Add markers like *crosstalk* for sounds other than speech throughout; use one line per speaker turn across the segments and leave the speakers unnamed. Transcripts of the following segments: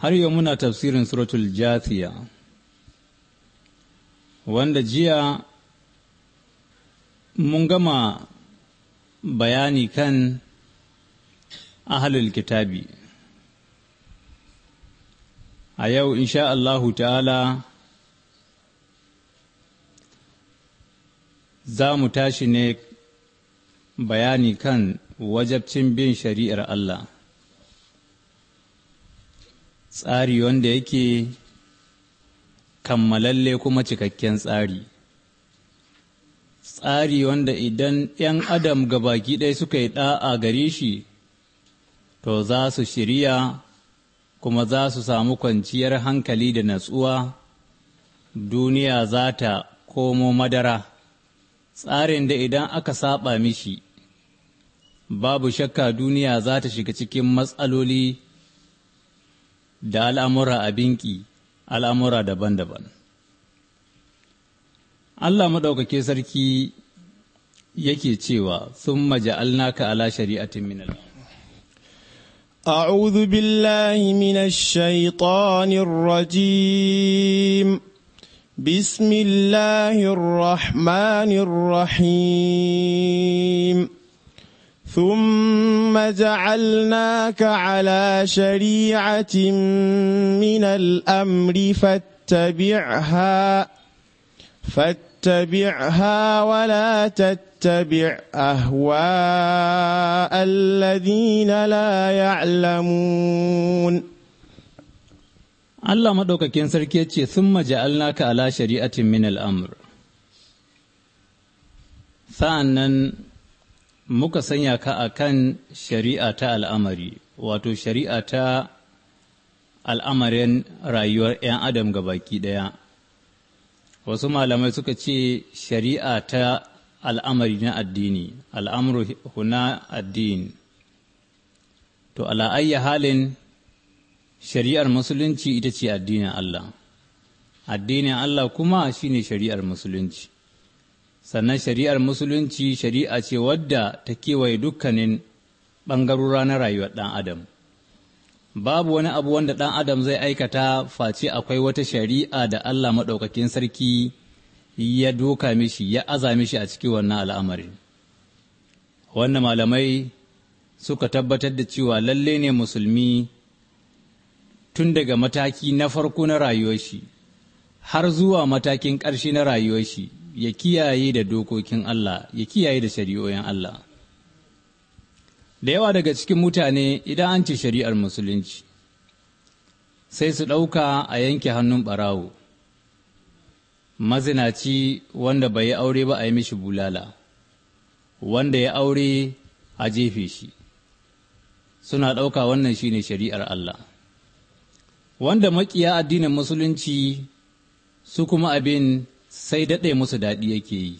har yau muna tafsirin suratul jathiya wanda jiya mun gama bayani kan ahalul kitabi a yau insha Allahu ta'ala za mu tashi ne bayani kan wajabcin bin shari'ar Allah tsari wanda yake kammalalle kuma cikakken tsari tsari wanda idan 'yan adam baki ɗaya suka yi ɗa'a gare shi to za su shirya kuma za su samu kwanciyar hankali da natsuwa duniya za ta komo madara tsarin da idan aka saba mishi babu shakka duniya za ta shiga cikin matsaloli da al'amura abin ƙi al'amura daban-daban. Allah maɗaukake sarki yake cewa sun ka ala shari'atin minal.
أعوذ بالله من الشيطان الرجيم بسم الله الرحمن الرحيم ثم جعلناك على شريعه من الامر فاتبعها فاتبعها ولا تتبع اهواء الذين لا يعلمون
الله مدوكاكين سركيتشي ثم جعلناك على شريعه من الامر فانا muka sanya ka a kan shari'a ta al'amari wato shari'a ta al'amarin rayuwar 'yan adam ga baki ɗaya wasu malamai suka ce shari'a ta al'amari na addini al'amuru huna addini to ala'ayya halin shari'ar musulunci ita ce addinin Allah addinin Allah kuma shine shari'ar musulunci sannan shari'ar musulunci shari'a ce wadda ta kewaye dukkanin ɓangarora na rayuwar ɗan adam babu wani abu wanda ɗan adam zai aikata face akwai wata shari'a da allah maɗaukakin sarki ya doka mishi ya aza mishi a cikin wannan al'amarin wannan malamai suka tabbatar da cewa lalle ne musulmi tun daga mataki na farko na rayuwar shi har zuwa matakin ƙarshe na rayuwar shi ya kiyaye da dokokin Allah ya kiyaye da shari'o'in Allah da yawa daga cikin mutane idan an ci shari'ar musulunci sai su ɗauka a yanke hannun ɓarawo mazinaci wanda bai yi aure ba a yi mishi bulala wanda ya aure a jefe shi suna ɗauka wannan shine shari'ar Allah wanda maƙiya addinin musulunci su kuma abin sai daɗe musu daɗi yake yi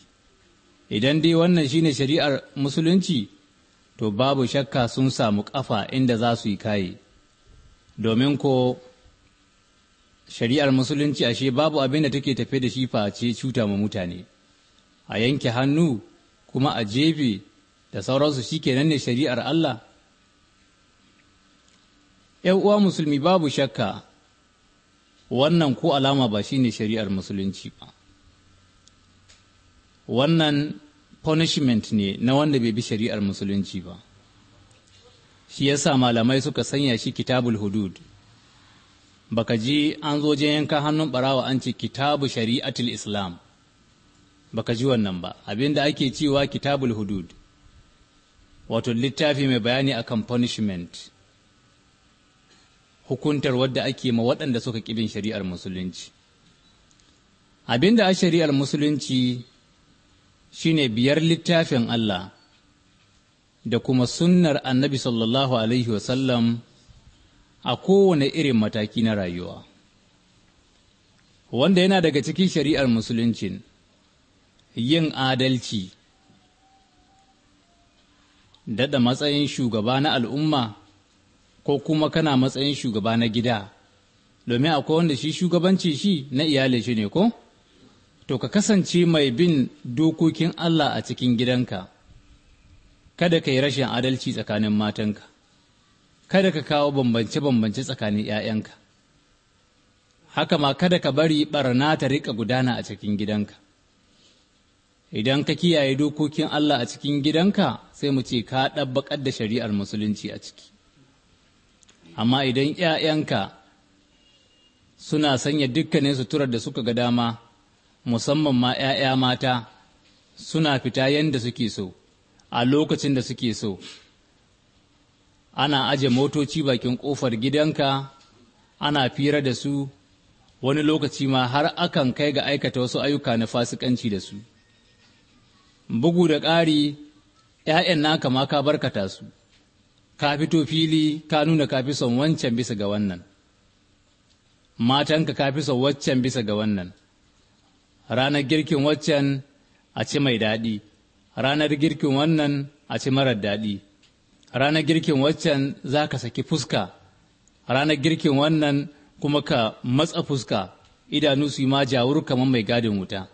idan dai wannan shine shari'ar musulunci to babu shakka sun samu ƙafa inda za su yi kaye domin ko shari'ar musulunci ashe babu abin da take tafe da shi face cuta ma mutane a yanke hannu kuma a jefe da sauransu shi shikenan ne shari'ar Allah uwa musulmi babu shakka wannan ko alama ba shine shari'ar musulunci ba wannan punishment ne na wanda bai bi shari'ar musulunci ba shi yasa malamai suka sanya shi kitabul hudud baka ji an zo je yanka hannun barawa an ce kitabu shari'atul islam baka ji wannan ba abinda ake cewa kitabul hudud wato littafi mai bayani akan punishment hukuntar wadda ake ma waɗanda suka ƙibin shari'ar musulunci abinda a shari'ar musulunci shine biyar littafin Allah da kuma sunnar annabi sallallahu Alaihi wasallam a kowane irin mataki na rayuwa. Wanda yana daga cikin shari'ar musuluncin yin adalci, daɗa matsayin shugaba na al'umma ko kuma kana matsayin shugaba na gida, domin akwai wanda shi shugabanci shi na iyalin shi ne ko? to ka kasance mai bin dokokin Allah a cikin gidanka, kada ka yi rashin adalci tsakanin matanka, kada ka kawo bambance-bambance tsakanin ‘ya'yanka, haka ma kada ka bari ɓarna ta riƙa gudana a cikin gidanka. Idan ka kiyaye dokokin Allah a cikin gidanka sai mu ce ka ɗabbaƙar da shari'ar musulunci a ciki. Amma idan ‘ya'yanka suna sanya dukkanin suturar da suka ga dama musamman ma ‘ya'ya mata suna fita yadda suke so a lokacin da suke so ana aje motoci bakin ƙofar gidanka ana fira da su wani lokaci ma har akan kai ga aikata wasu ayyuka na fasikanci da su bugu da ƙari ‘ya'yan naka ma ka barkata su ka fito fili ka nuna ka fi son wancan bisa ga wannan matanka ka fi son waccan bisa ga wannan ranar girkin waccan a ci mai daɗi ranar girkin wannan a ci marar daɗi ranar girkin waccan za ka saki fuska ranar girkin wannan kuma ka matsa fuska idanu su yi ma jawur kamar mai gadin wuta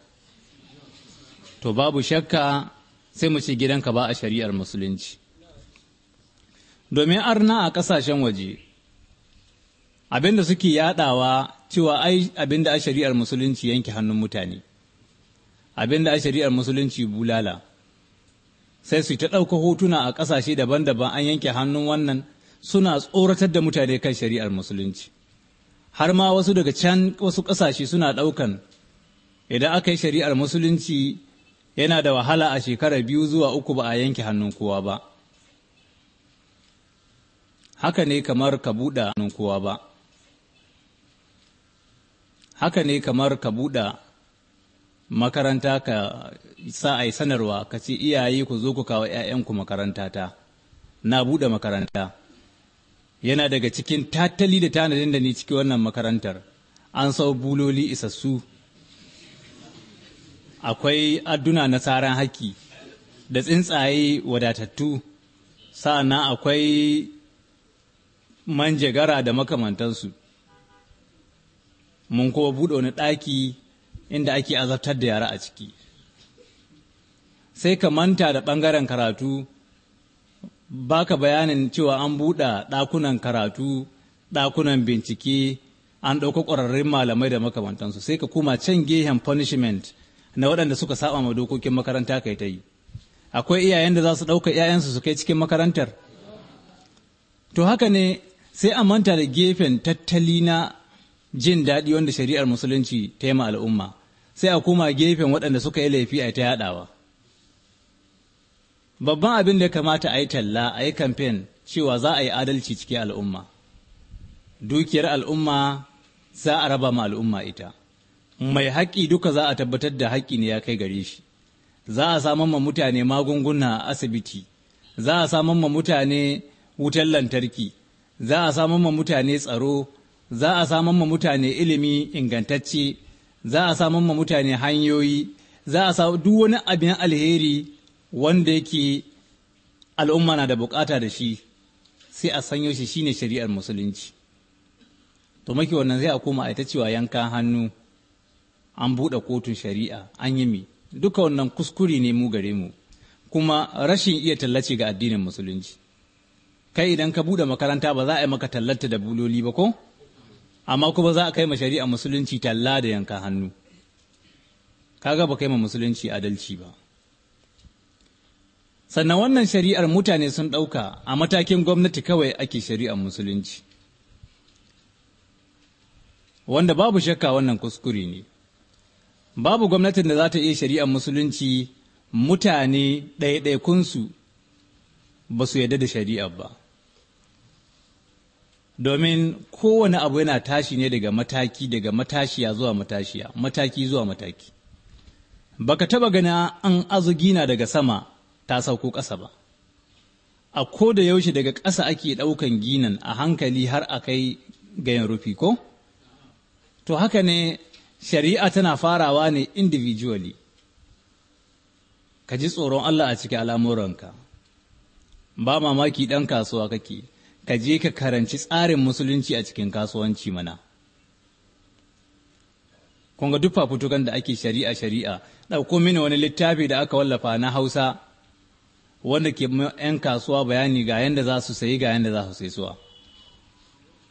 to babu shakka sai mu ce gidanka ba a shari'ar musulunci domin arna a ƙasashen waje Abin da suke yaɗawa. cewa ai abin da a shari'ar musulunci yanke hannun mutane abin da a shari'ar musulunci bulala sai su ta ɗauka hotuna a ƙasashe daban-daban an yanke hannun wannan suna tsoratar da mutane kan shari'ar musulunci har ma wasu daga can wasu ƙasashe suna ɗaukan idan aka yi shari'ar musulunci yana da wahala a shekara biyu zuwa uku ba a yanke hannun kowa ba haka ne kamar ka buɗe hannun kowa ba haka ne kamar ka buɗe makaranta ka sa a yi sanarwa ka ce iyaye ku zo ku kawo 'ya'yanku makaranta ta na buɗe makaranta yana daga cikin tattali da tanadin da ni ciki wannan makarantar an sau buloli isassu akwai adduna na tsaran haƙƙi da tsintsaye wadatattu sa'annan akwai manjagara da makamantansu mun kuma buɗe wani ɗaki inda ake azabtar da yara a ciki sai ka manta da ɓangaren karatu ba ka bayanin cewa an buɗe ɗakunan karatu ɗakunan bincike an ɗauka ƙwararrun malamai da makamantansu sai ka kuma can gehen punishment na waɗanda suka saɓa ma dokokin makaranta kai ta yi akwai iyayen da za su ɗauka 'ya'yansu su kai cikin makarantar to haka ne sai a manta da gefen tattali na jin daɗi wanda shari'ar musulunci ta yi ma al'umma sai a koma gefen waɗanda suka yi laifi a ta yaɗawa babban abin da ya kamata a yi talla a yi kamfen cewa za a yi adalci cikin al'umma dukiyar al'umma za a raba ma al'umma ita mai haƙƙi duka za a tabbatar da haƙƙi ne ya kai gare shi za a samar ma mutane magunguna a asibiti za a samar ma mutane wutar lantarki za a samar ma mutane tsaro za a samun ma mutane ilimi ingantacce za a samun ma mutane hanyoyi za a samu duk wani abin alheri wanda yake al'umma na da bukata da shi sai a sanyo shi shine shari'ar musulunci to maki wannan zai a koma a ita cewa yanka hannu an buɗe kotun shari'a an yi mi duka wannan kuskure ne mu gare mu kuma rashin iya tallace ga addinin musulunci kai idan ka buɗe makaranta ba za a yi maka tallata da buloli ba ko amma kuma za a kai ma shari'a musulunci talla da yanka hannu kaga ba kai ma musulunci adalci ba sannan wannan shari'ar mutane sun ɗauka a matakin gwamnati kawai ake shari'ar musulunci wanda babu shakka wannan kuskure ne babu gwamnatin da za ta iya shari'ar musulunci mutane ɗaiɗaikunsu ba su yarda da shari'ar ba domin kowane abu yana tashi ne daga mataki daga matashiya zuwa matashiya mataki zuwa mataki baka taba gana an azugina daga sama ta sauko ƙasa ba a ko da yaushe daga ƙasa ake ɗaukan ginan a hankali har a kai gayan rufi ko to haka ne shari'a tana farawa ne individually ka ji tsoron Allah a cikin al'amuranka ba mamaki ɗan kasuwa kake ka je ka karanci tsarin musulunci a cikin kasuwanci mana kun ga duk fafutukan da ake shari'a shari'a ɗauko mini wani littafi da aka wallafa na hausa wanda ke 'yan kasuwa bayani ga yadda za su sayi ga yadda za su sai suwa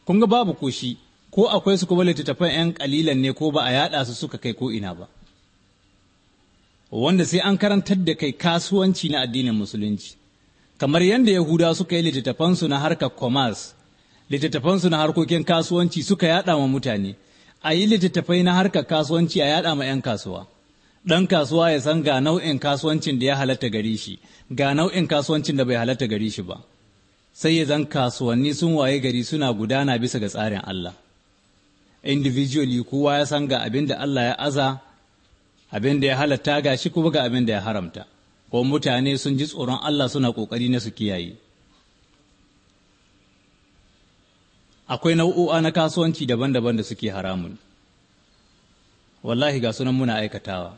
Kunga babu koshi ko akwai su kuma littattafan 'yan kalilan ne ko ba a yaɗa su suka kai ko ina ba wanda sai an karantar da kai kasuwanci na addinin musulunci kamar yadda Yahuda suka yi littattafansu na harkar commerce, littattafansu na harkokin kasuwanci suka yaɗa ma mutane, a yi littattafai na harkar kasuwanci a yaɗa ma 'yan kasuwa. Ɗan kasuwa ya san ga nau'in kasuwancin da ya halatta gare shi, ga nau'in kasuwancin da bai halatta gare shi ba. Sai ya zan kasuwanni sun waye gari suna gudana bisa ga tsarin Allah. Individually kowa ya san ga abin da Allah ya aza, abin da ya halatta ga shi kuma ga abin da ya haramta. ko mutane sun ji tsoron Allah suna ƙoƙari na su kiyaye. Akwai nau'o'a na kasuwanci daban-daban da suke haramun. Wallahi ga sunan muna aikatawa.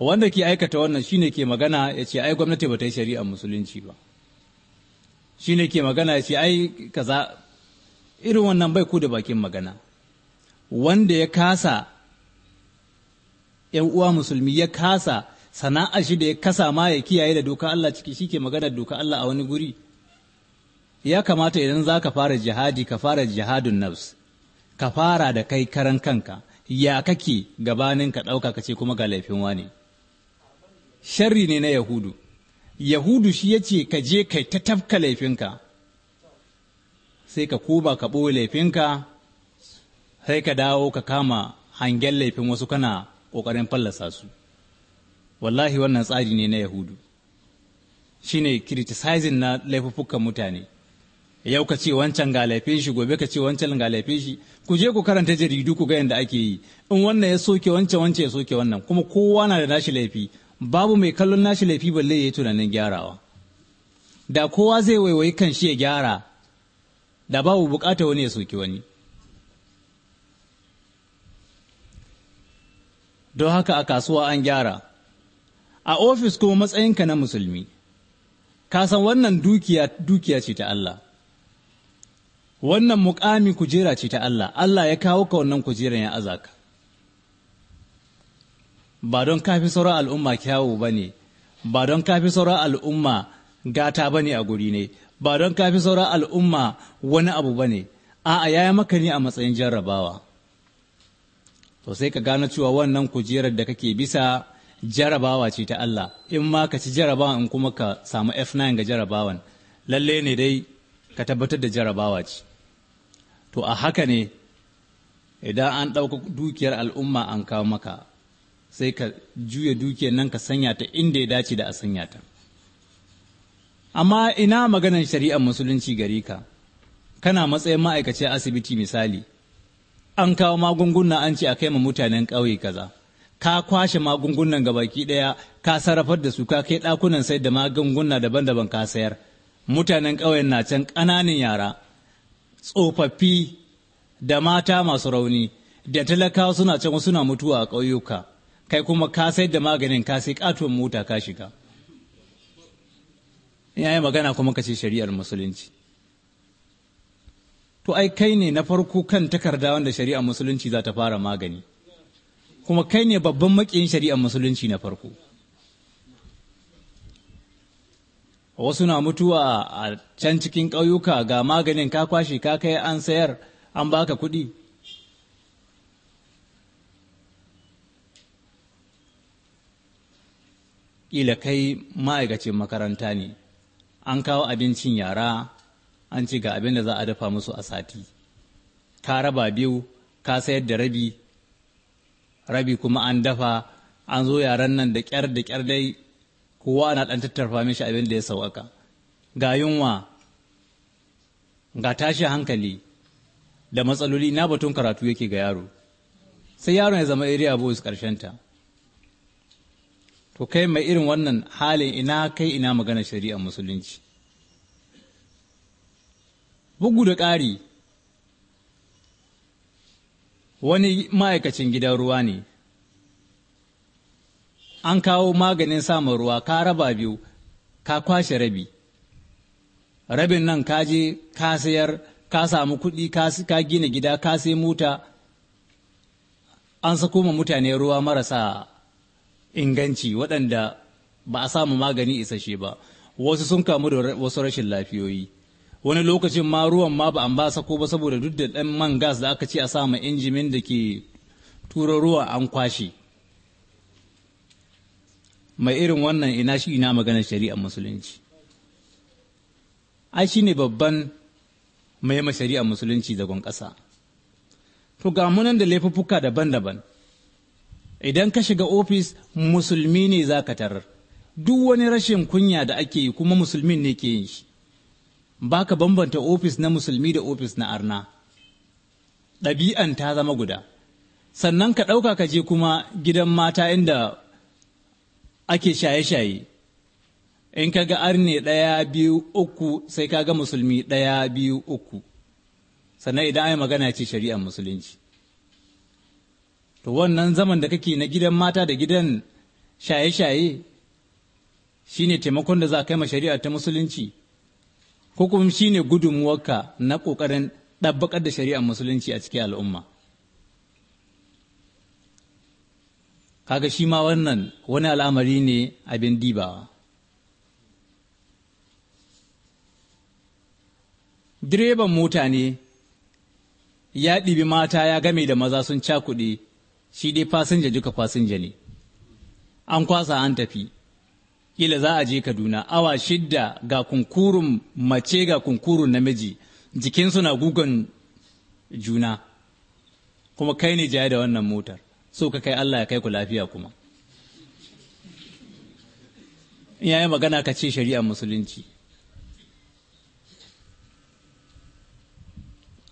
Wanda ke aikata wannan shine ke magana ya ce ai gwamnati ba ta yi shari'a musulunci ba. Shine ke magana ya ce ai kaza irin wannan bai ku da bakin magana. Wanda ya kasa ‘yan uwa musulmi ya kasa sana'a shi da ya kasa ma ya kiyaye da doka Allah ciki shi ke magana doka Allah a wani guri ya kamata idan za ka fara jihadi ka fara jihadun nafs ka fara da kai karan kanka ya kake gabanin ka ɗauka ka ce kuma ga laifin wani sharri ne na yahudu yahudu shi ya ce ka je kai ta tafka laifinka sai ka kuba ka ɓoye laifinka sai ka dawo ka kama hangen laifin wasu kana ƙoƙarin fallasa su wallahi wannan tsari ne na yahudu shine criticizing na laifuffukan mutane yau ka ce wancan ga laifin shi gobe ka ce wancan ga laifin shi ku je ku karanta jaridu ku ga yadda ake yi in wannan ya soke wancan wancan ya soke wannan kuma kowa na da nashi laifi babu mai kallon nashi laifi balle ya yi tunanin gyarawa da kowa zai waiwayi kan shi ya gyara da babu bukata wani ya soke wani don haka a kasuwa an gyara a ofis kuma matsayinka na musulmi ka san wannan dukiya dukiya ce ta Allah wannan mukami kujera ce ta Allah Allah ya kawo ka wannan kujeran ya azaka ba don kafi sauran al'umma kyawu ba ne ba don kafi sauran al'umma gata ba ne a guri ne ba don kafi sauran al'umma wani abu ba ne a'a ya yi maka ne a matsayin jarrabawa to sai ka gane cewa wannan kujerar da kake bisa jarabawa ce ta Allah in ma ka ci jarabawa in kuma ka samu F9 ga jarabawan lalle ne dai ka tabbatar da jarabawa ce to a haka ne idan an ɗauka dukiyar al'umma an kawo maka sai ka juya dukiyar nan ka sanya ta inda ya dace da a sanya ta amma ina maganar shari'ar musulunci gari ka kana matsayin ma'aikacin asibiti misali an kawo magunguna an ce a kai ma mutanen ƙauye kaza ka kwashe magungunan gabaki ɗaya ka sarrafar da su ka kai ɗakunan sai da magunguna daban-daban ka sayar mutanen ƙauyen na can ƙananan yara tsofaffi da mata masu rauni da talakawa suna can suna mutuwa a ƙauyuka kai kuma ka sayar da maganin ka sai ƙatuwar mota ka shiga ya yi magana kuma ka ce shari'ar musulunci to ai kai ne na farko kan takarda wanda shari'ar musulunci za ta fara magani kuma kai ne babban makiyin shari'ar musulunci na farko wasu na mutuwa a can cikin ƙauyuka ga maganin ka kwashe ka kai an sayar an baka kuɗi ƙila kai ma'aikacin makaranta ne an kawo abincin yara an ce ga abin da za a dafa musu a sati ka raba biyu ka sayar da rabi rabi kuma an dafa an zo yaran nan da kyar da kyar dai kowa ana ɗan tattarfa mishi abin da ya sauƙaƙa ga yunwa ga tashi hankali da matsaloli na batun karatu yake ga yaro sai yaron ya zama iri abu karshen ta. to kai mai irin wannan halin ina kai ina magana shari'ar musulunci bugu da ƙari wani ma'aikacin gidan ruwa ne an kawo maganin samun ruwa ka raba biyu ka kwashe rabi rabin nan ka je ka sayar ka samu kuɗi ka gina gida ka sai mota an sako ma mutane ruwa marasa inganci waɗanda ba a samu magani isasshe ba wasu sun kamu da wasu rashin lafiyoyi wani lokacin ma ruwan ma ba an ba sako ba saboda duk da ɗan man gas da aka ce a sama injimin da ke tura ruwa an kwashe mai irin wannan ina shi ina maganar shari'ar musulunci ai shi ne babban mai ma shari'ar musulunci zagon ƙasa to ga munan da laifuffuka daban-daban idan ka shiga ofis musulmi ne za ka tarar duk wani rashin kunya da ake yi kuma musulmin ne ke yin shi ba ka bambanta ofis na musulmi da ofis na arna ɗabi'an ta zama guda sannan ka ɗauka ka je kuma gidan mata inda ake shaye-shaye in ka ga arne ɗaya biyu uku sai ka ga musulmi ɗaya biyu uku sannan idan ai magana ce shari'ar musulunci to wannan zaman da kake na gidan mata da gidan shaye-shaye shine taimakon da za ka yi ma shari'ar ta musulunci ko kuma ne gudunmuwarka na ƙoƙarin ɗabbaƙar da shari'ar musulunci a cikin al'umma kaga shi ma wannan wani al'amari ne abin dibawa direban mota ne ya ɗibi mata ya game da maza sun cakuɗe shi dai fasinja duka fasinja ne an kwasa an tafi kila za a je Kaduna awa shidda ga kunkurun mace ga kunkurun namiji jikinsu na gugan juna kuma kai ne jaya da wannan motar so ka kai Allah ya kai ku lafiya kuma yayi magana ka ce shari'ar musulunci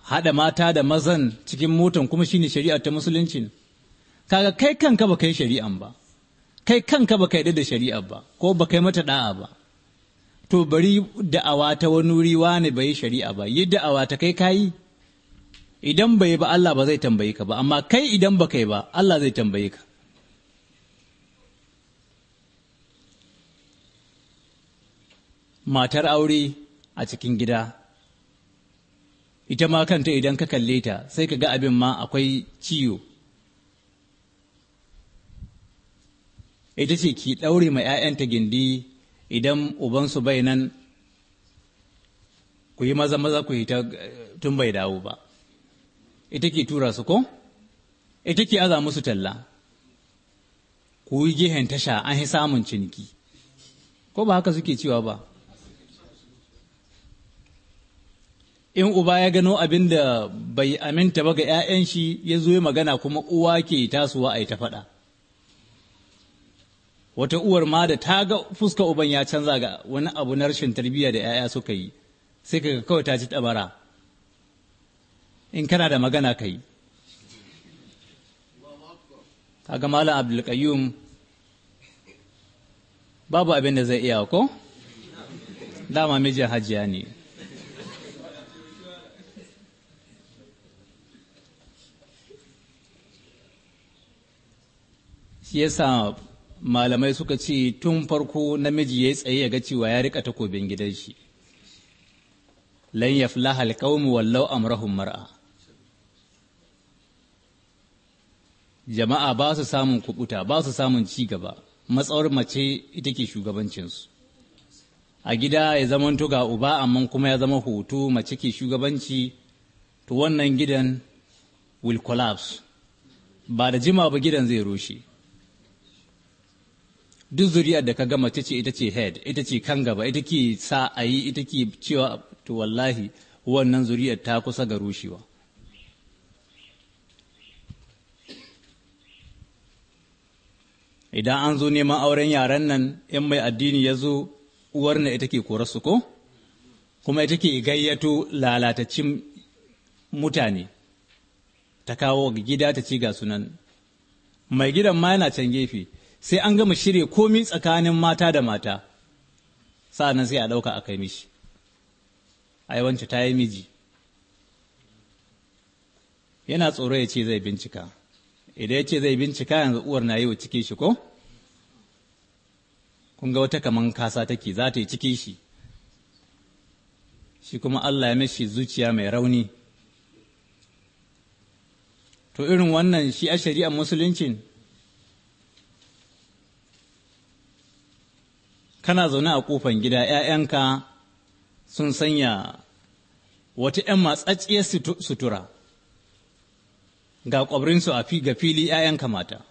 haɗa mata da mazan cikin motan kuma shine shari'ar ta musulunci kaga kai kanka ba kai shari'an ba kai kanka baka yarda da shari'a ba ko baka yi mata ɗa'a ba to bari da'awa ta wani wuri wani bai shari'a ba yi da'awa ta kai kayi idan bai ba Allah ba zai tambaye ka ba amma kai idan ba kai ba Allah zai tambaye ka matar aure a cikin gida ita ma kanta idan ka kalle ta sai ka ga abin ma akwai ciwo ita ce ki ɗaure ma 'ya'yanta gindi idan ubansu bai nan ku yi maza maza ku ta tun bai dawo ba ita ke tura su ko ita ke aza musu talla ku yi gehen tasha an yi samun ciniki ko ba haka suke cewa ba in uba ya gano abin da bai aminta ba ga 'ya'yan shi ya zo magana kuma uwa ke tasowa a yi ta faɗa wata uwar ma da ta ga fuska uban ya canza ga wani abu na rashin tarbiyya da 'ya'ya suka yi sai ka kawai ta ci tabara in kana da magana ka yi kaga malam abdulkayyum babu abin da zai iya ko dama mijin hajiya ne shi yasa malamai suka ce tun farko namiji ya tsaye ya ga cewa ya rika takobin gidan shi lan yaflaha alqawmu wallau amrahun mar'a jama'a ba su samun kubuta ba su samun ci gaba matsawar mace ita ke shugabancinsu a gida ya zama ga uba amma kuma ya zama hoto mace ke shugabanci to wannan gidan will collapse ba da jima ba gidan zai rushe duk zuriyar da ka gama ta ce ita ce head ita ce kan gaba ita ke sa a yi ita ke cewa to wallahi wannan zuriyar ta kusa ga rushewa idan an zo neman auren yaran nan in mai addini ya zo uwar na ita ke korasu ko kuma ita ke gayyato lalatacin mutane ta kawo gida ta ci ga sunan mai gidan ma yana can gefe sai an gama shirya komi tsakanin mata da mata sa'annan sai a ɗauka a kai mishi ai ta yi miji yana tsoro ya ce zai bincika idan ya ce zai bincika yanzu uwar na yi wa ciki shi ko kun ga wata kaman kasa take za ta yi ciki shi shi kuma Allah ya mashi zuciya mai rauni to irin wannan shi a shari'ar musuluncin kana zaune a kofan gida ‘ya'yanka sun sanya wata ‘yan matsatsiyar sutura ga ƙwabrinsu a ga fili ‘ya'yanka mata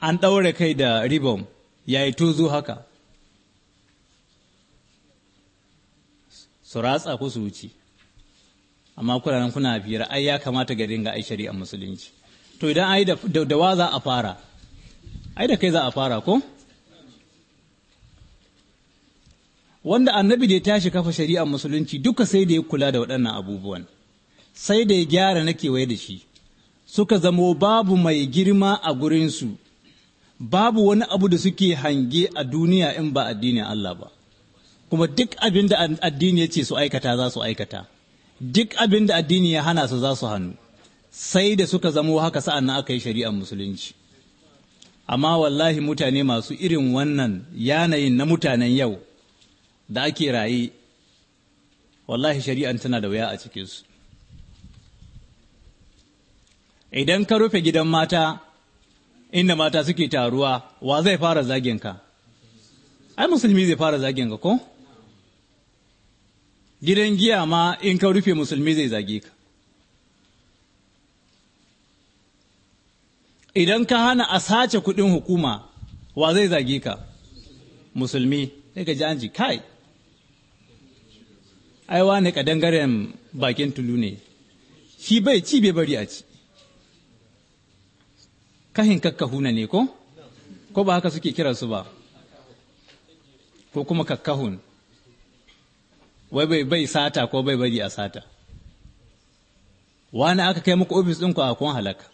an ɗaure kai da ribon ya yi tozo haka su ratsa ku su wuce amma kuna nan kuna biyar ai ya kamata ga dinga ai shari’ar musulunci to idan ai da wa za a fara ai da kai za a fara ko wanda annabi da ya tashi kafa shari'ar musulunci duka sai da ya kula da waɗannan abubuwan sai da ya gyara na kewaye da shi suka zamo babu mai girma a gurinsu babu wani abu da suke hange a duniya in ba addinin Allah ba kuma duk abin da addini ya ce su aikata za su aikata duk abin da addini ya hana su za su hannu sai da suka zamo haka sa'an nan aka yi shari'ar musulunci amma wallahi mutane masu irin wannan yanayin na mutanen yau da ake raye wallahi shari'an tana da wuya a cikinsu idan ka rufe gidan mata inda mata suke taruwa wa zai fara zaginka ai musulmi zai fara zaginka ko gidan giya ma in ka rufe musulmi zai zage ka idan ka hana a sace kuɗin hukuma wa zai zage ka musulmi sai ka ji an ji kai ai ka kadangaren bakin tulu ne shi bai ci bai bari a ci kahin kakkahuna ne ko ko ba haka suke kira su ba ko kuma kakkahun wai bai bai sata ko bai bari a sata wani aka kai muku ofis ɗinku a kun halaka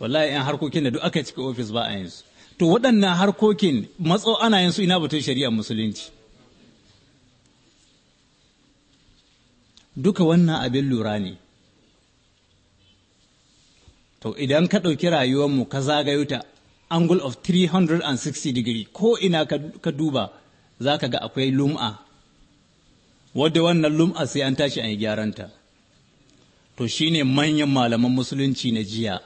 wallahi yan harkokin da duk aka cika ofis ba a yin su to waɗannan harkokin matso ana yin su ina batun shari'ar musulunci duka wannan abin lura ne to idan ka ɗauki rayuwarmu ka zagayo ta angle of 360 degree ko ina ka duba za ka ga akwai lum'a wadda wannan lum'a sai an tashi an yi gyaranta to shine manyan malaman musulunci na jiya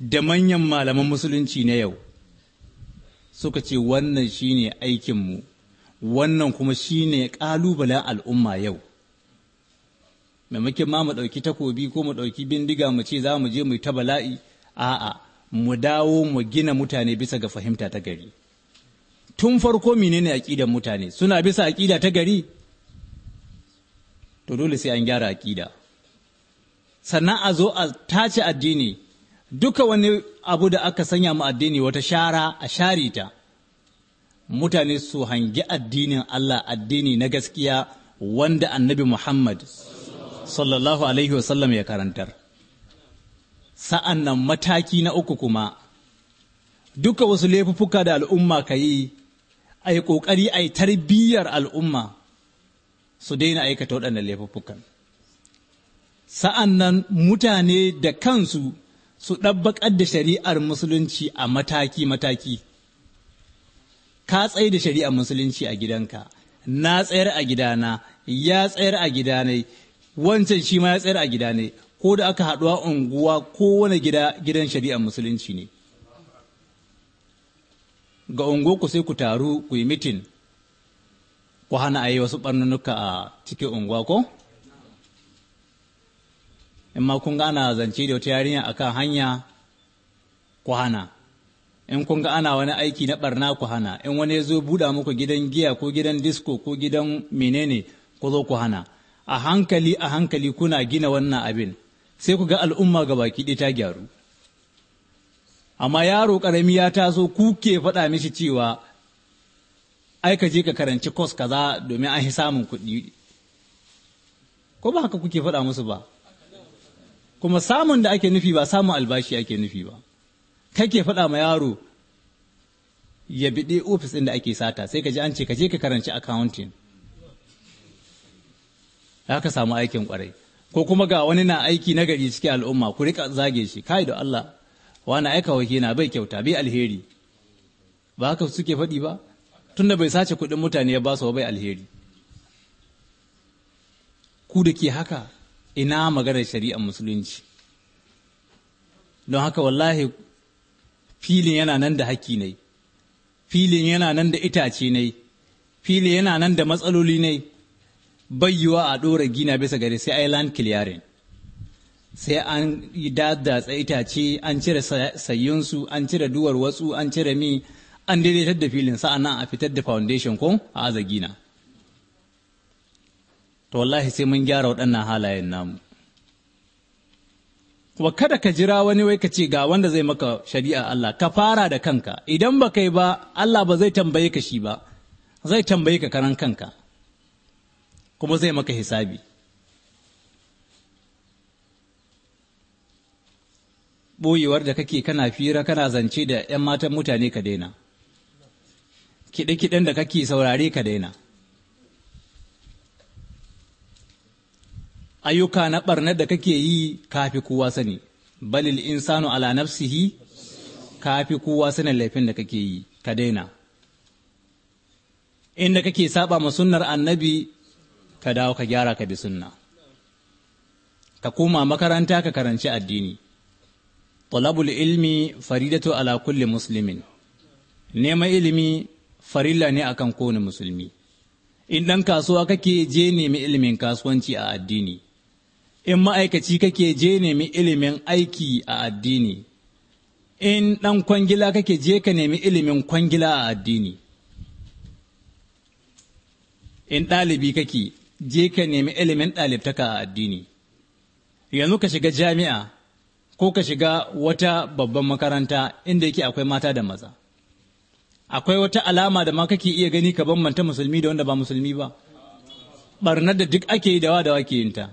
da manyan malaman musulunci na yau suka ce wannan shine aikinmu wannan kuma shine ƙalubalen al'umma yau maimakon ma mu ɗauki takobi ko mu ɗauki bindiga mu ce za mu je mu ta bala'i a'a mu dawo mu gina mutane bisa ga fahimta ta gari tun farko menene aqidar mutane suna bisa aƙida ta gari to dole sai an gyara aƙida sannan a zo a tace addini duka wani abu da aka sanya mu addini wata shara a share ta mutane su hangi addinin Allah addini na gaskiya wanda annabi Muhammad sallallahu alaihi wasallam ya karantar sa'an nan mataki na uku kuma duka wasu laifuka da al'umma ka yi a yi ƙoƙari a yi tarbiyyar al'umma su daina aikata waɗannan laifukan. sa'an nan mutane da kansu su ɗabbaƙar da shari'ar musulunci a mataki-mataki ka tsaye da shari'ar musulunci a gidanka na tsayar a gidana ya tsayar a gidanai wancan shi ma ya tsayar a gida ne ko da aka haɗuwa unguwa ko wani gida gidan shari'ar musulunci ne ga unguwa ku sai ku taru ku yi mitin ku hana a yi wasu ɓarnunuka a cikin unguwa ko in ma kun ga ana zance da wata yarinya kan hanya ku hana in kun ga ana wani aiki na ɓarna ku hana in wani ya zo buɗa muku gidan giya ko gidan disko ko gidan menene ku zo ku hana a hankali a hankali kuna gina wannan abin sai ku ga al'umma ga baki ɗaya ta gyaru amma yaro ƙarami ya taso ku ke faɗa mishi cewa ai ka je ka karanci kos kaza domin an samun kuɗi ko ba haka kuke faɗa musu ba kuma samun da ake nufi ba samun albashi ake nufi ba kake faɗa ma yaro ya biɗe ofis ɗin da ake sata sai ka ji an ce ka je ka karanci accounting ka samu aikin kwarai ko kuma ga wani na aiki na gari cikin al'umma ku rika zage shi kai da Allah wani aika wake na bai kyauta bai alheri ba haka suke faɗi ba tunda bai sace kuɗin mutane ya ba su bai alheri ku da ke haka ina maganar shari'ar musulunci don haka wallahi filin yana nan da haƙƙi ne filin yana nan da itace ne filin yana nan da matsaloli ne bayyuwa a ɗora gina bisa gari sai yi land clearing sai an yi dadatsa itace an cire sayyunsu an cire duwar wasu an cire mi an daidaitar da filin sa'annan a fitar da foundation ko a aza gina to wallahi sai mun gyara waɗannan halayen namu kuma kada ka jira wani wai ka ce ga wanda zai maka shari'a Allah ka fara da kanka idan ba kai ba Allah ba zai tambaye ka shi ba zai tambaye ka karan kanka kuma zai maka hisabi ɓoyewar da kake kana fira kana zance da 'yan matan mutane ka daina kiɗe-kiɗen da kake saurare ka daina ayyuka na ɓarnar da kake yi kafi kowa sani balil insanu ala nafsihi kafi kowa sanin laifin da kake yi ka daina inda kake saba ma sunnar annabi ka dawo ka gyara ka bi sunna ka koma makaranta ka karanci addini talabul ilmi faridatu ala kulli muslimin neman ilimi farilla ne akan kowane musulmi in ɗan kasuwa kake je nemi ilimin kasuwanci a addini in ma'aikaci kake je nemi ilimin aiki a addini in ɗan kwangila kake je ka nemi ilimin kwangila a addini in ɗalibi kake je ka nemi ilimin ɗalibtaka a addini yanzu ka shiga jami'a ko ka shiga wata babban makaranta inda yake akwai mata da maza akwai wata alama da ma kake iya gani ka bambanta musulmi da wanda ba musulmi ba barnar da duk ake yi dawa dawa ke yin ta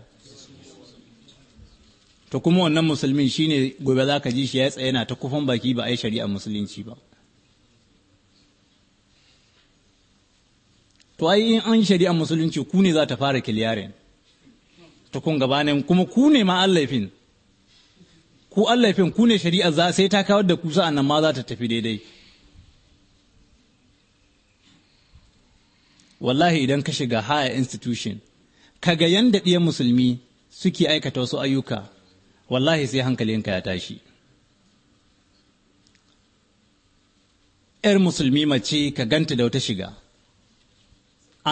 to kuma wannan musulmin shine gobe za ka ji shi ya tsaye na ta kufan baki ba a yi shari'ar musulunci ba to ai in an shari'a musulunci ku ne za ta fara kiliyarin ta kun gabanin kuma ku ne ma allafin ku allafin ku ne shari'a za sai ta kawar da ku sa'an nan ma za ta tafi daidai wallahi idan ka shiga haya institution ga yanda ɗiyan musulmi suke aikata wasu ayyuka wallahi sai hankalinka ya tashi ‘yar musulmi mace ka ganta da wata shiga’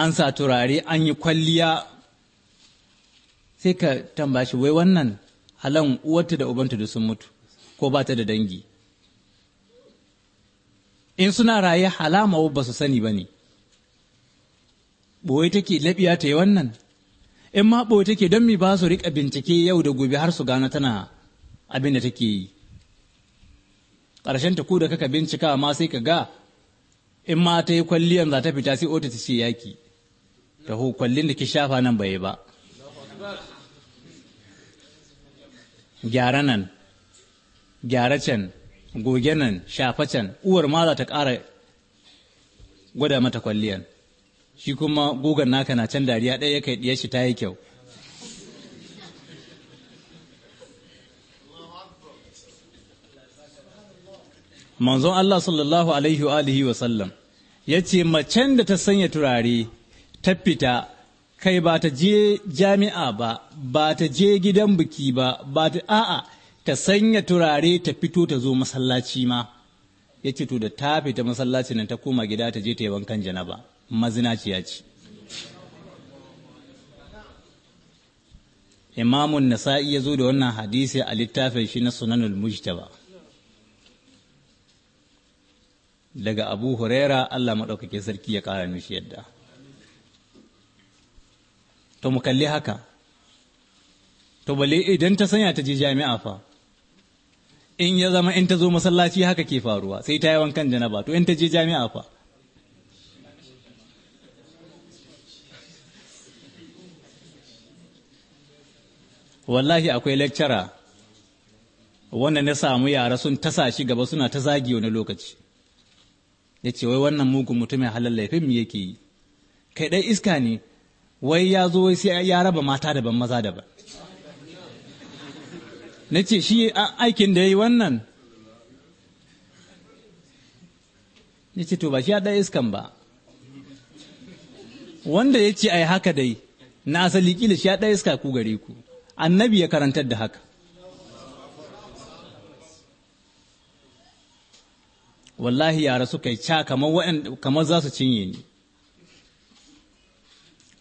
an sa turare an yi kwalliya sai ka tambashi wai wannan halan uwarta da ubanta da sun mutu ko ba ta da dangi in suna raye halama ba su sani ba ne ɓoye take laɓiya ta yi wannan in ma ɓoye take don mi ba su riƙa bincike yau da gobe har su gano tana abin da take yi ƙarshen ta ku da kaka bincika ma sai ka ga in ma ta yi kwalliyan za ta fita sai ota ta ce yaki taho kwallin da ki shafa nan bai ba gyara nan gyara can goge nan shafa can uwar ma za ta ƙara gwada mata kwalliyan shi kuma gugan naka na can dariya ɗaya kai ɗiyar shi ta yi kyau manzon Allah sallallahu alaihi wa sallam ya ce macen da ta sanya turare ta fita kai ba ta je jami'a ba ba ta je gidan biki ba ba ta a'a ta sanya turare ta fito ta zo masallaci ma ya ce to da ta fita masallaci nan ta koma gida ta je ta yi wankan janaba mazinaciya ce imamun nasa'i ya zo da wannan hadisi a littafin shi na sunanul mujtaba daga abu huraira allah maɗaukakin sarki ya ƙara mishi yadda to mu kalli haka to bale idan ta sanya ta je jami'a fa in ya zama in ta zo masallaci haka ke faruwa sai ta yi wankan janaba to in ta je jami'a fa wallahi akwai lecturer wanda na samu yara sun tasa shi gaba suna ta zagi wani lokaci ya ce wai wannan mugun mutumin halal laifin mu yake yi kai dai iska ne wai ya zo wai sai ya raba mata daban maza daban na ce shi aikin da ya yi wannan na ce to ba shi ya ɗaya iskan ba wanda ya ce a yi haka dai na asali kila shi ya ɗaya iska ku gare ku annabi ya karantar da haka wallahi yara suka yi ca kamar za su cinye ni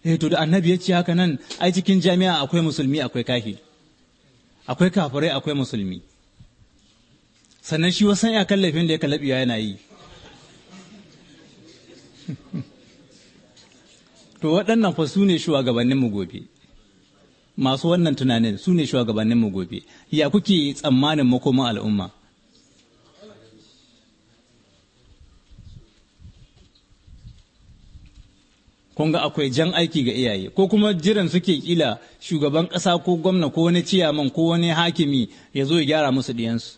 eh to da annabi ya ce haka nan ai cikin jami'a akwai musulmi akwai kafiri akwai kafirai akwai musulmi sannan shi wasan ya kallafin da ya kallabiya yana yi *laughs* to waɗannan fa su ne mu gobe masu wannan tunanin su ne mu gobe ya kuke tsammanin makoman al'umma kun ga akwai jan aiki ga iyaye ko kuma jiran suke kila shugaban ƙasa ko gwamna ko wani ciyaman ko wani hakimi ya zo ya gyara musu ɗiyansu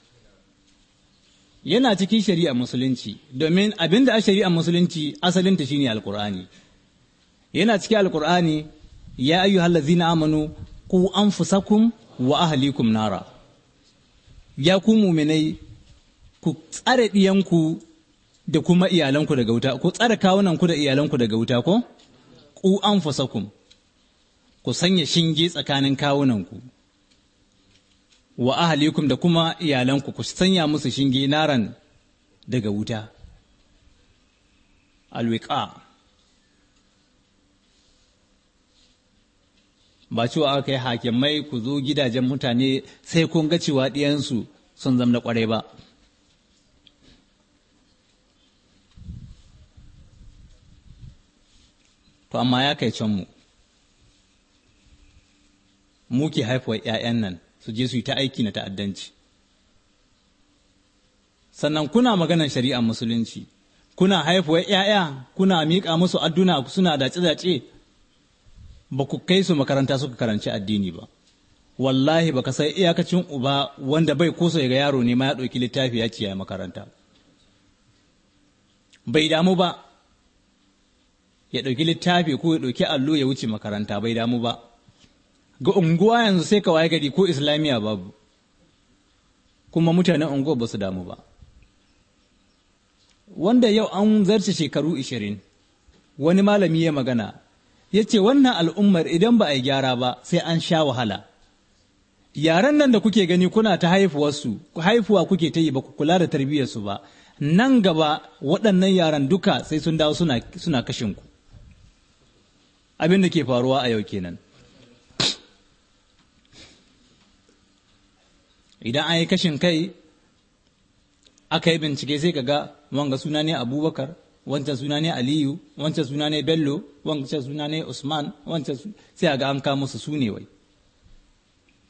yana cikin shari'a musulunci domin abin da a shari'a musulunci asalin ta shine alkur'ani yana cikin alkur'ani ya ayyu na amanu ku anfusakum wa ahlikum nara ya ku muminai ku tsare ɗiyanku da kuma iyalanku daga wuta ku tsare kawunanku da iyalanku daga wuta ko ku anfusakum ku sanya shinge tsakanin kawunanku wa ahalikum da kuma iyalanku ku sanya musu shinge naran daga wuta alwiqa ba cewa aka yi hakimai ku zo gidajen mutane sai kun ga cewa ɗiyansu sun zama na ƙwarai ba to amma ya kai can mu mu ke haifuwar 'ya'yan nan su je su yi ta aiki na ta'addanci sannan kuna maganar shari'ar musulunci kuna haifuwar 'ya'ya kuna miƙa musu adduna suna dace-dace ba ku kai su makaranta suka karanci addini ba wallahi ba ka sai iyakacin uba wanda bai kusa ga yaro ne ma ya ɗauki littafi ya ce makaranta bai damu ba ya ɗauki littafi ko ya ɗauki allo ya wuce makaranta bai damu ba ga unguwa yanzu sai ka waye gari ko islamiyya babu kuma mutanen unguwa ba su damu ba wanda yau an zarce shekaru ishirin wani malami ya magana ya ce wannan al'ummar idan ba a yi gyara ba sai an sha wahala yaran nan da kuke gani kuna ta haifuwarsu haifuwa kuke ta yi ba ku kula da tarbiyyarsu ba nan gaba waɗannan yaran duka sai sun dawo suna, suna kashinku abin da ke faruwa a yau kenan idan an yi kashin kai aka yi bincike sai kaga wanga suna ne abubakar wancan suna ne aliyu wancan suna ne bello wancan suna ne usman wancan sai ga an kama su sune wai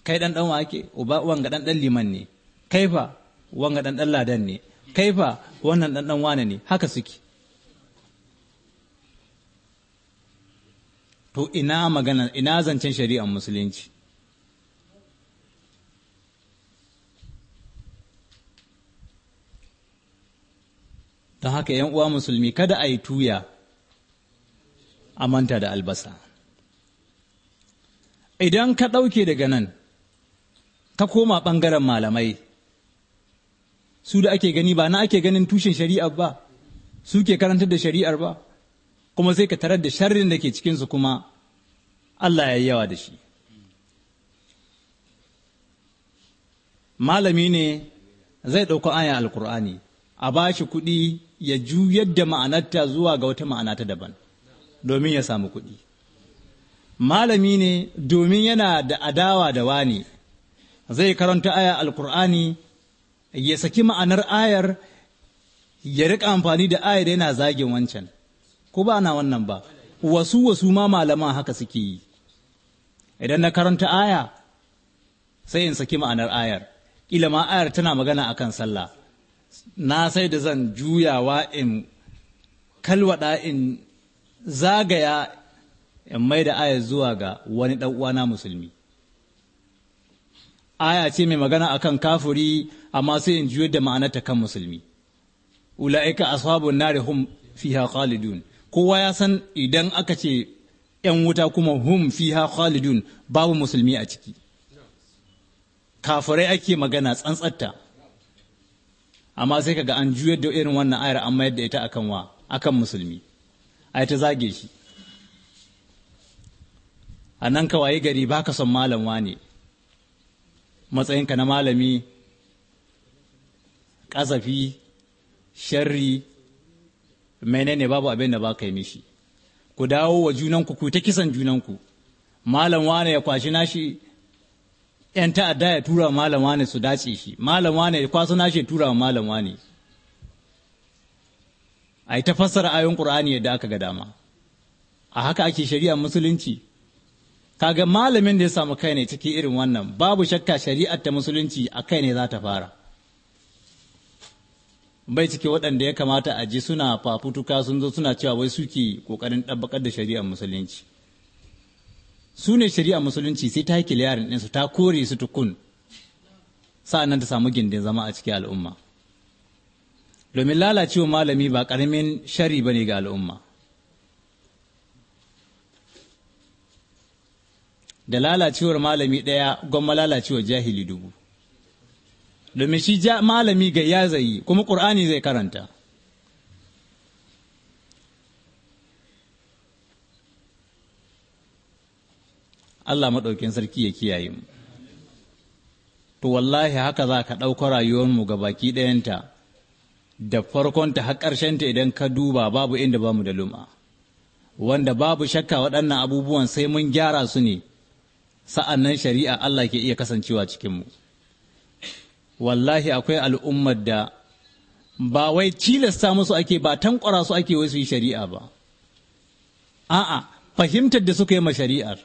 kai dan dan wake uba wanga dan dan liman ne kai fa wanga dan dan ladan ne kai fa wannan dan dan wane ne haka suke to ina magana ina zancen shari'ar musulunci don haka ‘yan uwa musulmi kada a yi tuya a manta da albasa idan ka ɗauke daga nan ka koma ɓangaren malamai su da ake gani ba na ake ganin tushen shari'ar ba su ke karantar da shari'ar ba kuma sai ka tarar da sharrin da ke cikinsu kuma Allah ya yi yawa da shi malami ne zai ɗauko aya alkur'ani a ba shi kuɗi ya juyar da ma'anarta zuwa ga wata ma'ana daban domin ya samu kuɗi malami ne domin yana da adawa da wani zai karanta aya alkur'ani ya saki ma'anar ayar ya riƙa amfani da ayar yana zagin wancan ko ba ana wannan ba wasu wasu ma malaman haka suke yi idan na karanta aya sai in saki ma'anar ayar ƙila ma ayar tana magana a kan sallah na sai da zan juyawa in kalwada in zagaya in mai da ayar zuwa ga wani uwana musulmi aya ce mai magana a kan kafuri amma sai in juyar da ma'anarta kan musulmi ula'ika ashabun nari hum fiha khalidun kowa ya san idan aka ce ‘yan wuta kuma hum fiha khalidun babu musulmi a ciki kafirai ake magana tsantsatta amma sai kaga an juyar da irin wannan ayar an mayar da ita akan wa akan musulmi ai ta zage shi a nan waye gari ba ka son malam ne. matsayinka na malami ƙazafi sharri menene babu abin da ba ka yi mishi ku dawo wa junanku ku ta kisan junanku malam wane ya kwashi nashi yan ta'adda ya tura malam wane su dace shi malam wane ya kwasa nashi ya tura malam wane ai ta fassara ayon qur'ani yadda aka ga dama a haka ake shari'a musulunci kaga malamin da ya samu kai ne cikin irin wannan babu shakka shari'ar ta musulunci a kai ne za ta fara bai cike waɗanda ya kamata a ji suna fafutuka sun zo suna cewa wai suke ƙoƙarin ɗabbakar da shari'ar musulunci su ne shari'ar musulunci sai ta yi kiliyarin ɗinsu ta kore su tukun sa'annan ta samu gindin zama a cikin al'umma domin lalacewa malami ba ƙaramin shari ba ne ga al'umma da lalacewar malami ɗaya gwamma lalacewar jahili dubu domin shi malami ga ya zai kuma ƙur'ani zai karanta Allah maɗaukin sarki ya kiyaye mu to wallahi haka za ka ɗauka mu ga baki ɗayanta da farkonta har ta idan ka duba babu inda bamu da luma wanda babu shakka waɗannan abubuwan sai mun gyara su ne sa'an nan shari'a Allah ke iya kasancewa cikinmu. mu wallahi akwai al'ummar da ba wai tilasta musu ake ba tankwara su ake wai su yi shari'a ba a'a fahimtar da suka yi ma shari'ar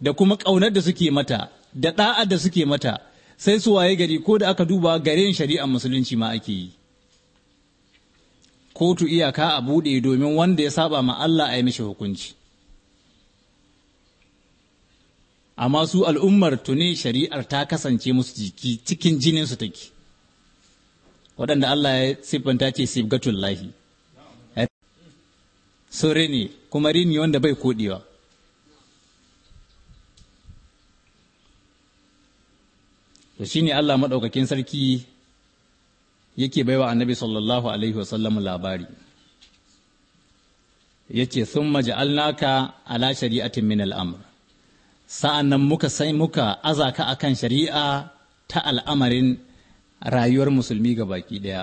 da kuma ƙaunar da suke mata da ɗa'a da suke mata sai su waye gari ko da aka duba garin shari'ar musulunci ma ake yi kotu iyaka a buɗe domin wanda ya saba ma Allah a yi mishi hukunci amma su al'ummar tuni shari'ar ta kasance musu jiki cikin jininsu take waɗanda Allah ya siffanta ce sibgatul lahi sun rini kuma rini wanda bai koɗewa da shi ne Allah maɗaukakin sarki yake baiwa annabi sallallahu alaihi wasallam labari ya sun sun alnaka ala shari'atin min al'amur sa'an nan muka sai muka azaka a kan shari'a ta al'amarin rayuwar musulmi ga baki ɗaya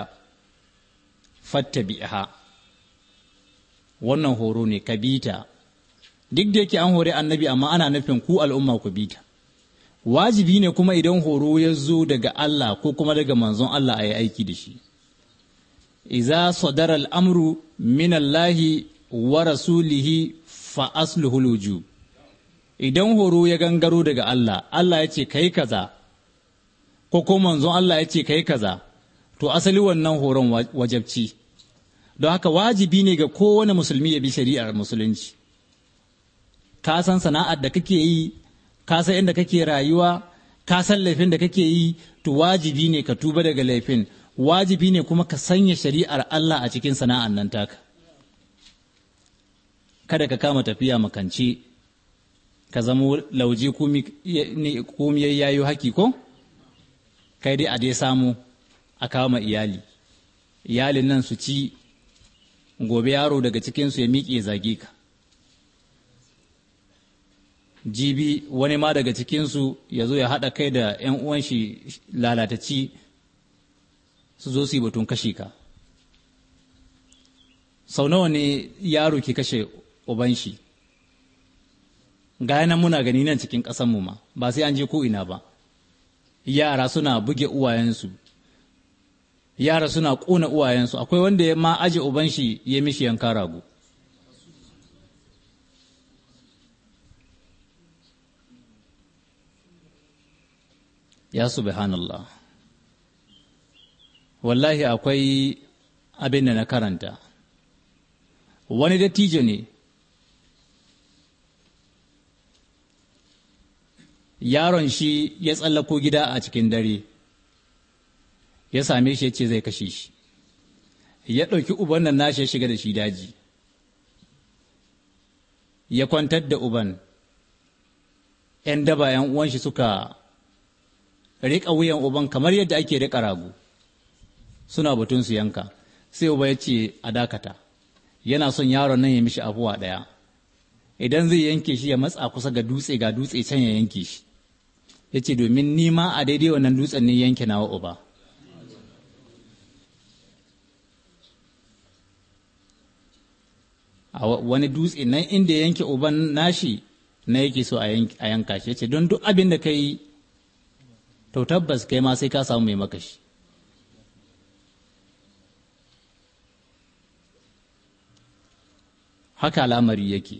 fatta biya. wannan horo ne ka bita duk da yake an hori annabi amma ana nufin ku al'umma ku bita wajibi ne kuma idan horo ya zo daga Allah ko kuma daga manzon Allah a yi aiki da shi iza sadar al'amru min Allahi wa rasulihi fa asluhul wujub idan horo ya gangaro daga Allah Allah ya ce kai kaza ko ko manzon Allah ya ce kai kaza to asali wannan horon wajabci don haka wajibi ne ga kowane musulmi ya bi shari'ar musulunci ka san sana'ar da kake yi ka san inda kake rayuwa ka san laifin da kake yi to wajibi ne ka tuba daga laifin wajibi ne kuma ka sanya shari'ar Allah a cikin sana'ar nan taka kada ka kama tafiya makance ka zama lauje komiyar yayo haki ko kai dai a dai samu a kawo ma iyali iyalin nan su ci gobe yaro daga cikinsu ya miƙe zage ka jibi wani ma daga cikinsu ya zo ya haɗa kai da 'yan uwan shi lalataci su zo su yi batun kashe ka sau nawa ne yaro ke kashe ubanshi? shi gaya muna gani nan cikin ƙasanmu ma ba sai an je ko ina ba yara suna buge uwayensu yara suna ƙona uwayensu akwai wanda ya ma aje uban shi ya mishi yanka rago ya subhanallah wallahi akwai abin da na karanta wani dattijo ne yaron shi ya tsallako gida a cikin dare ya same shi ya ce zai kashe shi ya ɗauki uban nan nashi ya shiga da shi daji ya kwantar da uban ‘yan daba ‘yan uwan shi suka riƙa wuyan uban kamar yadda ake riƙa rago suna batun su yanka sai uba ya ce a dakata yana son yaron nan ya mishi abuwa ɗaya idan zai yanke shi ya matsa kusa ga dutse ga dutse can ya yanke shi ya ce domin nima a daidai wannan dutsen ne yanke nawa uba a wani dutse nan inda yanke uban nashi na yake so a yanka shi ya ce don duk abin da ka yi to tabbas kai ma sai ka samu mai makashi haka lamari yake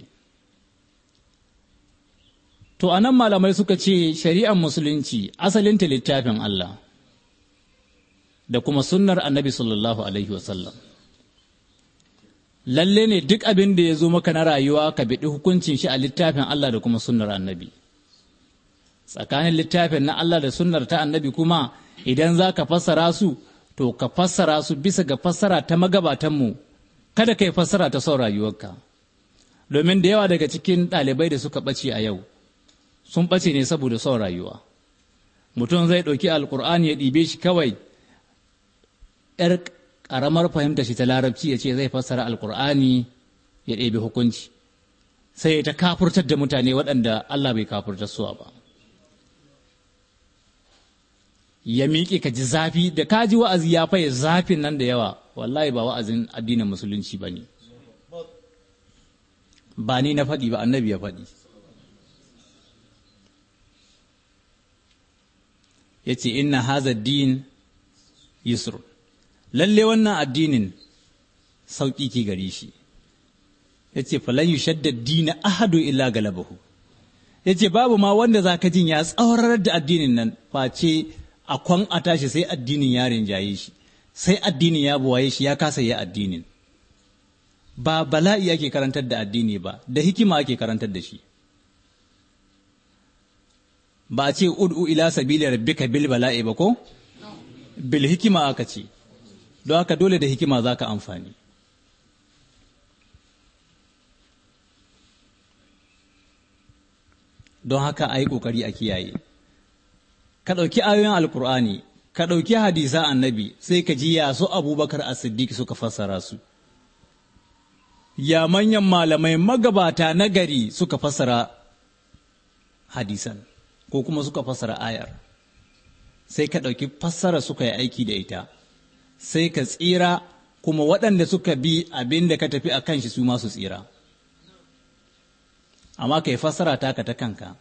To a nan malamai suka ce shari'ar musulunci asalinta littafin Allah da kuma sunnar annabi sallallahu Alaihi wasallam. Lalle ne duk abin da ya zo maka na rayuwa ka biɗi hukuncin shi a littafin Allah da kuma sunnar annabi. Tsakanin littafin na Allah da sunnar ta annabi kuma idan za ka fassara su, to ka fassara su bisa ga fassara ta magabatanmu, kada ka yi fassara ta son rayuwarka. Domin da yawa daga cikin ɗalibai da suka ɓace a yau. sun ɓace ne saboda son rayuwa mutum zai ɗauki alkur'ani ya ɗibe shi kawai ‘yar ƙaramar fahimta shi ta larabci ya ce zai fassara alkur'ani ya ɗebe hukunci sai ya ta kafurtar da mutane waɗanda Allah bai kafurtar suwa ba ya miƙe ka ji zafi da ka ji wa'azi ya faye zafin nan da yawa wallahi ba wa'azin addinin musulunci ba ne ba ni na faɗi ba annabi ya faɗi ya ce inna haza din Yusru lalle wannan addinin sauƙi ke gari shi ya ce falon yi shadda dina ahadu illa galabahu ya ce babu ma wanda za ka jin ya tsawarar da addinin nan face a kwan a tashi sai addinin ya rinjaye shi sai addinin ya buwaye shi ya kasa yi addinin ba bala'i ake karantar da addini ba da hikima ake karantar da shi ba a ce ud'u ila sabili rabbika bil bala'i ba ko bil hikima aka ce don haka dole da hikima zaka amfani don haka a yi ƙoƙari a kiyaye ka ɗauki ayoyin alkur'ani ka ɗauki hadisa annabi sai ka ji ya su abubakar a siddiki suka fassara su ya manyan malamai magabata nagari suka fassara hadisan ko kuma suka fassara ayar sai ka ɗauki fassara suka yi aiki da ita sai ka tsira kuma waɗanda suka bi abin da ka tafi a kan shi su masu tsira amma ka yi fassara taka ta kanka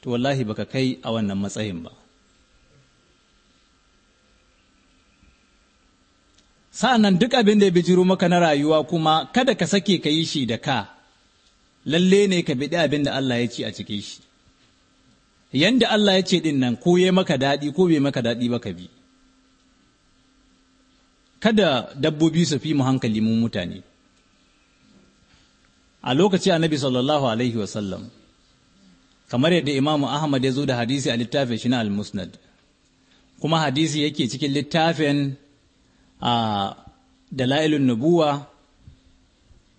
to wallahi baka kai a wannan matsayin ba sa'an nan duk abin da ya bijiro maka na rayuwa kuma kada ka sake ka yi shi da ka lalle ne ka biɗi abin da Allah ya ci a cikin shi yanda Allah ya ce din nan ko ya maka daɗi ko bai maka daɗi ba ka bi kada dabbobi su fi mu hankali mu mutane a lokaci annabi sallallahu alaihi wasallam kamar yadda imamu ahmad ya zo da hadisi a littafin shi na al-musnad kuma hadisi yake cikin littafin a dalailun nubuwa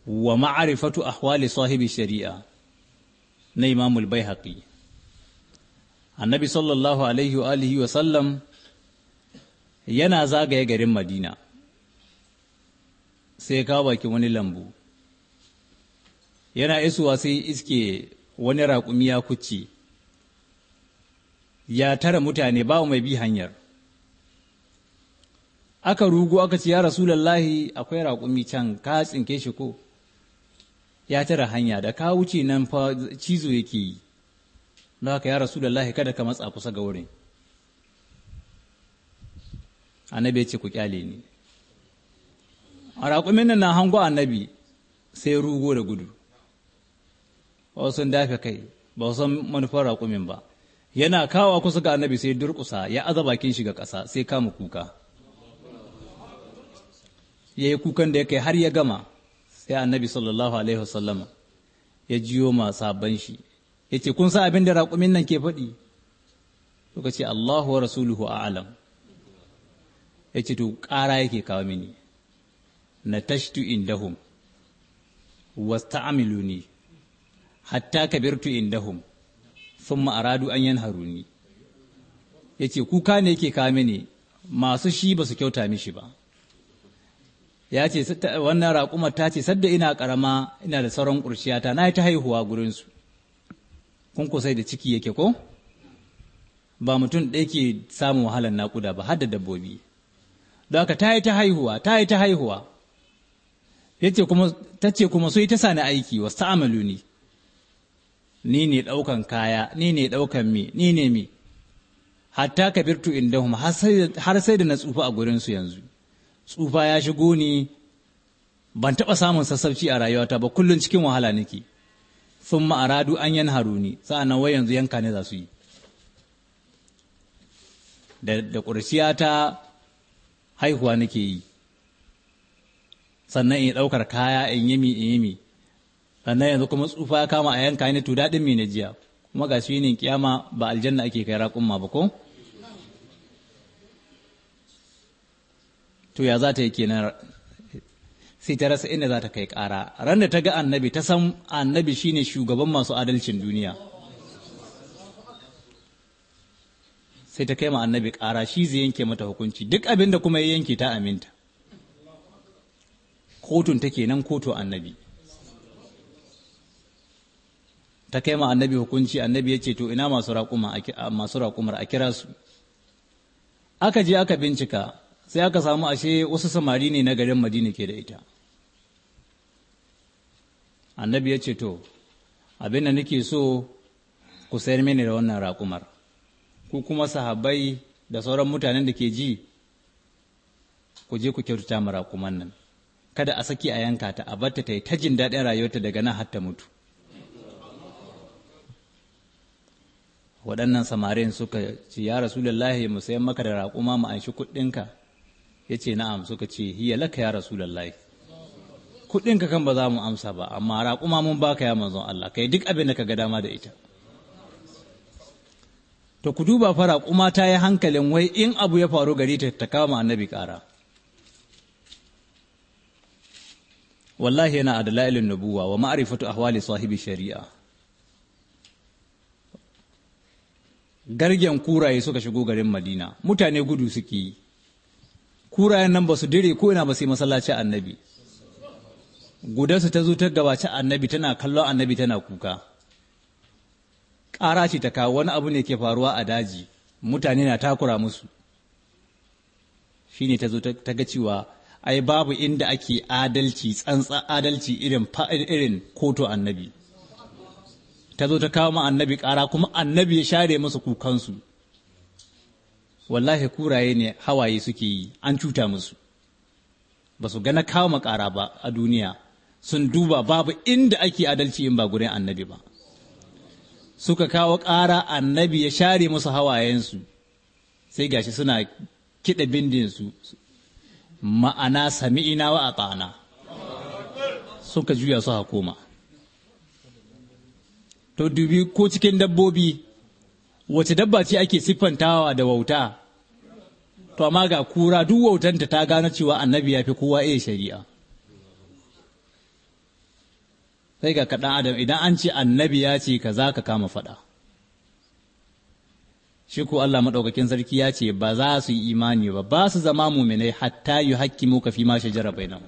wa ma'arifatu ahwali sahibi shari'a na imamul bai haƙi annabi sallallahu alaihi wa alihi wa sallam yana zagaye garin madina sai ka baki wani lambu yana isuwa sai iske wani raƙumi ya kuce. ya tara mutane ba mai bi hanyar aka rugu aka ce ya rasulallahi akwai raƙumi can ka tsinke shi ko ya tara hanya da ka wuce nan fa cizo yake yi don haka ya rasu lahi kada ka matsa kusa ga wurin annabi ya ce ku kyale ni a raƙumin nan na hango annabi sai rugo da gudu ba sun dafe kai ba san manufar raƙumin ba yana kawa kusa ga annabi sai durƙusa ya aza bakin shi ga ƙasa sai kama kuka ya yi kukan da ya kai har ya gama sai annabi sallallahu alaihi wasallama ya jiyo ma sabon shi ya ce kun sa abin da raƙumin nan ke faɗi ka ce Allahu wa rasuluhu a'lam ya ce to ƙara yake kawo mini na tashtu indahum wasta'amiluni hatta kabirtu indahum thumma aradu an yanharuni yace kuka ne yake kawo mini masu shi basu kyauta mishi ba ya ce wannan raƙumar ta ce sadda ina ƙarama ina da sauran ƙurciyata na yi ta haihuwa gurinsu Kun kusai da ciki yake ko ba mutum ɗaya ke samun wahalar naƙuda ba har da dabbobi Da aka ta yi ta haihuwa ta yi ta haihuwa ta ce kuma so ta sani aiki wasu amalu ni ni ne ɗaukan kaya ni ne ɗaukan mi ni ne mi hatta ka birtu inda har sai da na tsufa a gurinsu yanzu tsufa ya shigo ni ban taɓa samun sassauci a rayuwata ba kullum cikin wahala nake sun ma'aradu an yan haruni sa'annan wai yanzu yanka ne za su yi da ƙurciya ta haihuwa nake yi sannan in ɗaukar kaya in yimi in yimi sannan yanzu kuma tsufa ya kama a yanka ne to daɗin mai jiya kuma ga shi ne kiyama ba aljanna ake kai raƙumma ba ko to ya za ta yi kenan sai ta rasa inda za ta kai ƙara ran da ta ga annabi ta san annabi shine shugaban masu adalcin duniya sai ta kai ma annabi ƙara shi zai yanke mata hukunci duk abin da kuma ya yanke ta aminta kotun take nan kotu annabi ta kai ma annabi hukunci annabi ya ce to ina masu raƙumar a kira su aka je aka bincika sai aka samu ashe wasu samari ne na garin madina ke da ita annabi ya ce to abin da nake so ku sayar mini da wannan raƙumar ku kuma sahabbai da sauran mutanen da ke ji ku je ku kyautata mu raƙuman nan kada a saki a yanka ta a batta ta yi ta jin daɗin rayuwarta daga nan har ta mutu waɗannan samarin suka ce ya rasulallahi mu sayan maka da raƙuma mu anshi kuɗinka ya ce na'am suka ce hiya laka ya rasulallahi kuɗin ka kan ba za mu amsa ba amma raƙuma mun baka ya manzon Allah kai duk abin da ka ga dama da ita to ku duba fara kuma ta yi hankalin wai in abu ya faru gari ta kama annabi ƙara wallahi yana a dalailin nubuwa wa ma'arifatu ahwali sahibi shari'a gargen kuraye suka shigo garin Madina mutane gudu suke yi kurayen nan ba su dire ko ina ba su yi masallaci annabi Gudansu ta zo ta gabaci annabi tana kallon annabi tana kuka ƙara ce ta kawo wani abu ne ke faruwa a daji mutane na takura musu Shi ne ta zo ta ga cewa ai babu inda ake adalci tsantsan adalci irin irin koto annabi ta zo ta kawo ma annabi ƙara kuma annabi ya share musu kukansu wallahi kuraye ne hawaye suke yi an cuta musu ba su gana kawo ma ƙara ba a duniya sun duba babu inda ake adalci in ba gurin annabi ba suka kawo ƙara annabi ya share musu hawayensu sai gashi suna kiɗa bindinsu ma'ana sami'ina wa tsana suka juya su hakoma to dubi ko cikin dabbobi wace dabba ce ake siffantawa da wauta to amma ga kura duk wautanta ta gano cewa annabi ya fi kowa iya shari'a sai ga kaɗan adam idan an ce annabi ya ce ka za ka kama faɗa shi ko Allah maɗaukakin sarki ya ce ba za su yi imani ba ba su zama muminai hatta yi hakki muka fi ma shajara bainahu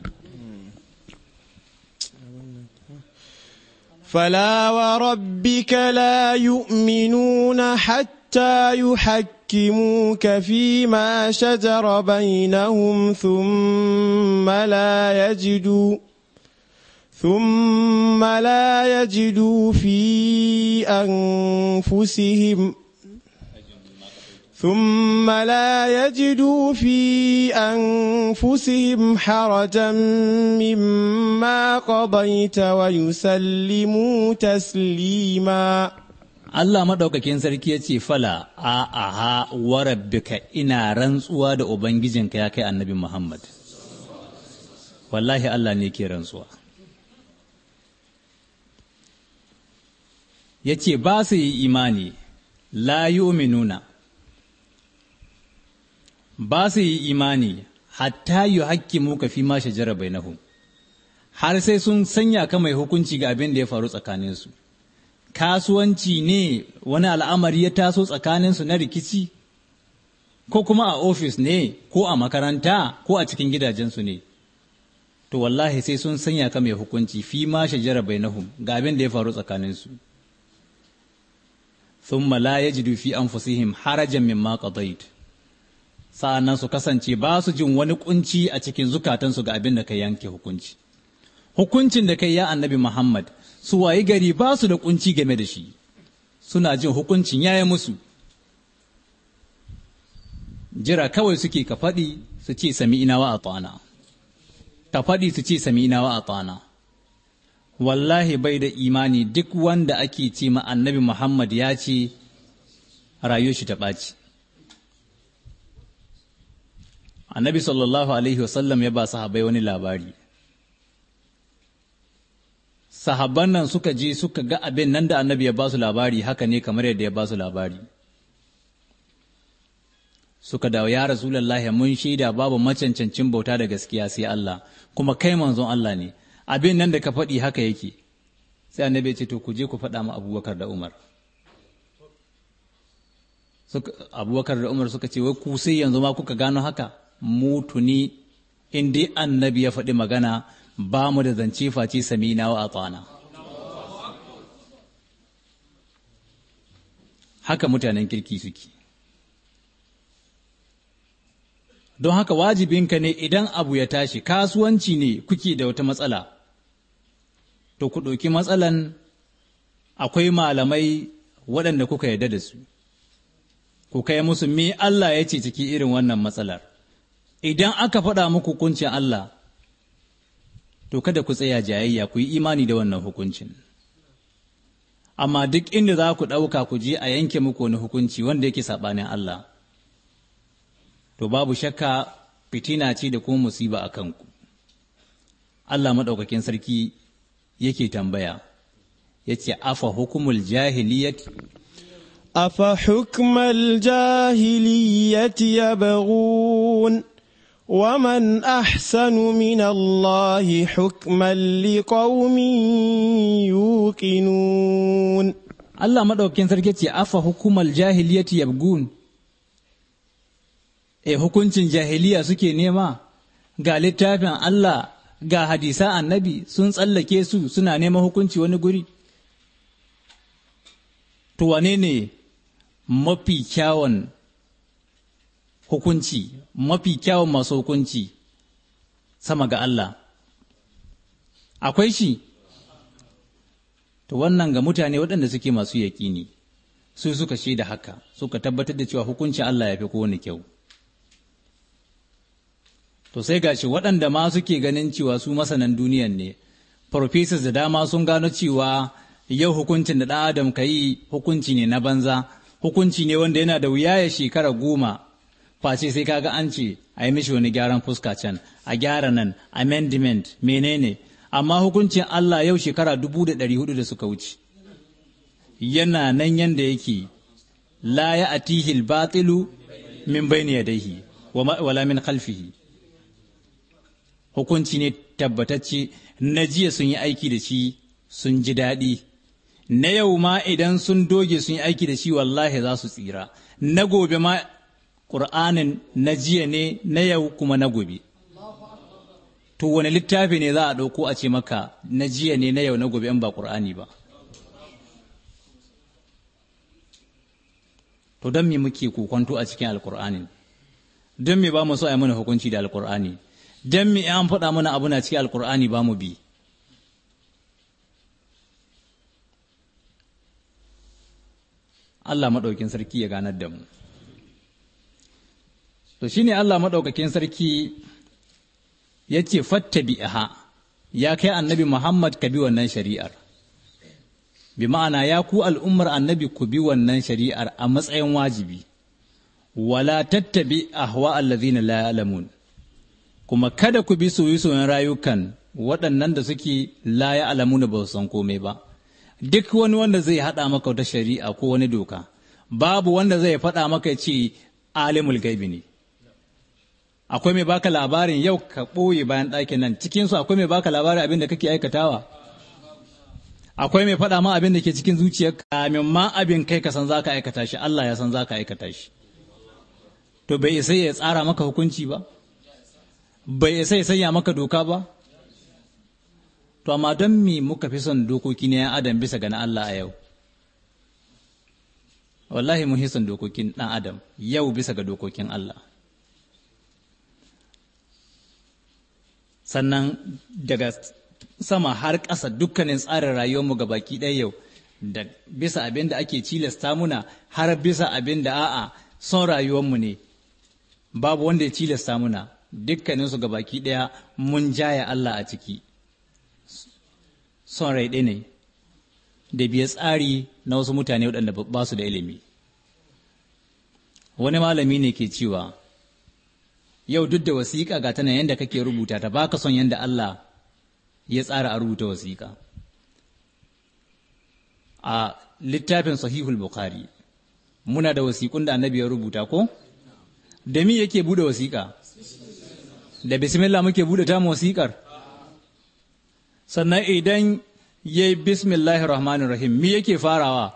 فلا وربك لا fi حتى يحكموك فيما شجر بينهم ثم لا jidu. ثم لا يجدوا في أنفسهم ثم لا يجدوا في أنفسهم حرجا مما قضيت ويسلموا تسليما
Allah maɗaukakin sarki yace ce fala a aha wa rabbika ina rantsuwa da Ubangijinka ya kai annabi Muhammad. Wallahi Allah ne ke rantsuwa. ya ce ba su yi imani la nuna ba su yi imani hatta yi hakki muka fi ma jarabai nahu, har sai sun sanya ka mai hukunci ga abin da ya faru tsakaninsu kasuwanci ne wani al'amari ya taso tsakaninsu na rikici ko kuma a ofis ne ko a makaranta ko a cikin gidajensu ne to wallahi sai sun sanya ka mai hukunci fi ma jarabai bainahum ga abin da ya faru tsakaninsu thumma la yajidu fi anfusihim harajan mimma qadait sa'annan su kasance ba su jin wani kunci a cikin zukatansu ga abin da kai yanke hukunci hukuncin da kai ya annabi Muhammad su wayi gari ba su da kunci game da shi suna jin hukuncin yaya musu jira kawai suke ka faɗi su ce sami inawa a tana ka su ce sami wa a wallahi bai da imani duk wanda ake ce ma annabi Muhammad ya ce rayuwar shi ta ɓaci. Annabi sallallahu Alaihi wasallam ya ba sahabai wani labari. Sahabban nan suka je suka ga abin nan da annabi ya ba su labari haka ne kamar yadda ya ba su labari. Suka dawo ya Rasulallah mun shaida babu macancancin bauta da gaskiya sai Allah, kuma kai manzon Allah ne. abin nan da ka faɗi haka yake sai annabi ce to ku je ku faɗa ma abubakar da umar abubakar da umar suka ce wai ku sai yanzu ma kuka gano haka mu tuni in dai annabi ya faɗi magana ba mu da zance face samina wa atana haka mutanen kirki suke don haka wajibinka ne idan abu ya tashi kasuwanci ne kuke da wata matsala to ku ɗauki matsalan akwai malamai waɗanda kuka yarda da su ku kai musu me Allah ya ce ciki irin wannan matsalar idan aka faɗa muku hukuncin Allah to kada ku tsaya jayayya ku yi imani da wannan hukuncin amma duk inda za ku ɗauka ku je a yanke muku wani hukunci wanda yake saɓanin Allah to babu shakka fitina ce da kuma musiba a kanku Allah maɗaukakin sarki yake tambaya yace afa hukumul jahiliyati
afa hukmal jahiliyyati yabghun man ahsanu min الله حكما Allah maɗaukin sarki ce afa hukumar jahiliyati yabgun
e eh, hukuncin jahiliya suke nema ga littafin Allah ga hadisa annabi sun tsallake su suna neman hukunci wani guri to wane ne mafi kyawun hukunci mafi kyawun masu hukunci sama ga Allah akwai shi to wannan ga mutane waɗanda suke masu yaƙini su suka shaida haka suka tabbatar da cewa hukuncin Allah ya fi kowane kyau to sai gashi waɗanda ma suke ganin cewa su masanan duniyan ne professors da dama sun gano cewa yau hukuncin da ɗan adam ka yi hukunci ne na banza hukunci ne wanda yana da wuya ya shekara goma face sai kaga an ce a yi mishi wani gyaran fuska can a gyara nan amendment menene amma hukuncin Allah yau shekara dubu da ɗari hudu da suka wuce yana nan yanda yake la ya atihil batilu min bayni yadayhi wala min khalfihi hukunci ne tabbatacce na jiya sun yi aiki da shi sun ji daɗi na yau ma idan sun doge sun yi aiki da shi wallahi za su tsira na gobe ma ƙur'anin na jiya ne na yau kuma na gobe to wani littafi ne za a ɗauko a ce maka na jiya ne na yau na gobe in ba ƙur'ani ba to don me muke kokonto a cikin alƙur'anin don me ba mu so a yi mana hukunci da alƙur'ani dan me an faɗa mana abu na ciki alkur'ani ba mu bi Allah maɗaukin sarki ya ganar da mu to shine Allah maɗaukakin sarki ya ce fatta ha, ya kai annabi Muhammad ka bi wannan shari'ar bi ma'ana ya ku al'ummar annabi ku bi wannan shari'ar a matsayin wajibi wala tattabi ahwa allazina la ya'lamun kuma kada ku bi soye-soyen rayukan waɗannan da suke alamu alamuna ba su san komai ba duk wani wanda zai haɗa maka wata shari'a ko wani doka babu wanda zai faɗa maka ce alimul gaibi ne akwai mai baka labarin yau ka ɓoye bayan ɗakin nan cikinsu akwai mai baka labarin abin da kake aikatawa akwai mai faɗa ma abin da ke cikin zuciyarka kamin ma abin kai ka san za ka aikata shi Allah ya san za ka aikata shi to bai isa ya tsara maka hukunci ba bai sai sanya maka doka ba to amma don me muka fi son dokoki na yan adam bisa ga na Allah a yau wallahi mun son dokokin ɗan adam yau bisa ga dokokin Allah sannan daga sama har ƙasa dukkanin tsarin rayuwarmu ga baki ɗaya yau da bisa abin da ake cilasta muna har bisa abin da a'a son rayuwarmu ne babu wanda ya cilasta muna dukkaninsu ga baki ɗaya mun jaya Allah a ciki son rai ne da biya tsari na wasu mutane waɗanda ba su da ilimi wani malami ne ke cewa yau duk da wasiƙa ga tana yadda kake rubuta ta baka son yadda Allah ya tsara a rubuta wasiƙa a littafin sahihul bukhari muna da wasiƙun da annabi ya rubuta ko da mi yake bude wasiƙa da bismillah muke buɗe ta musikar sannan idan ya yi bismillah rahmanir rahim mi yake farawa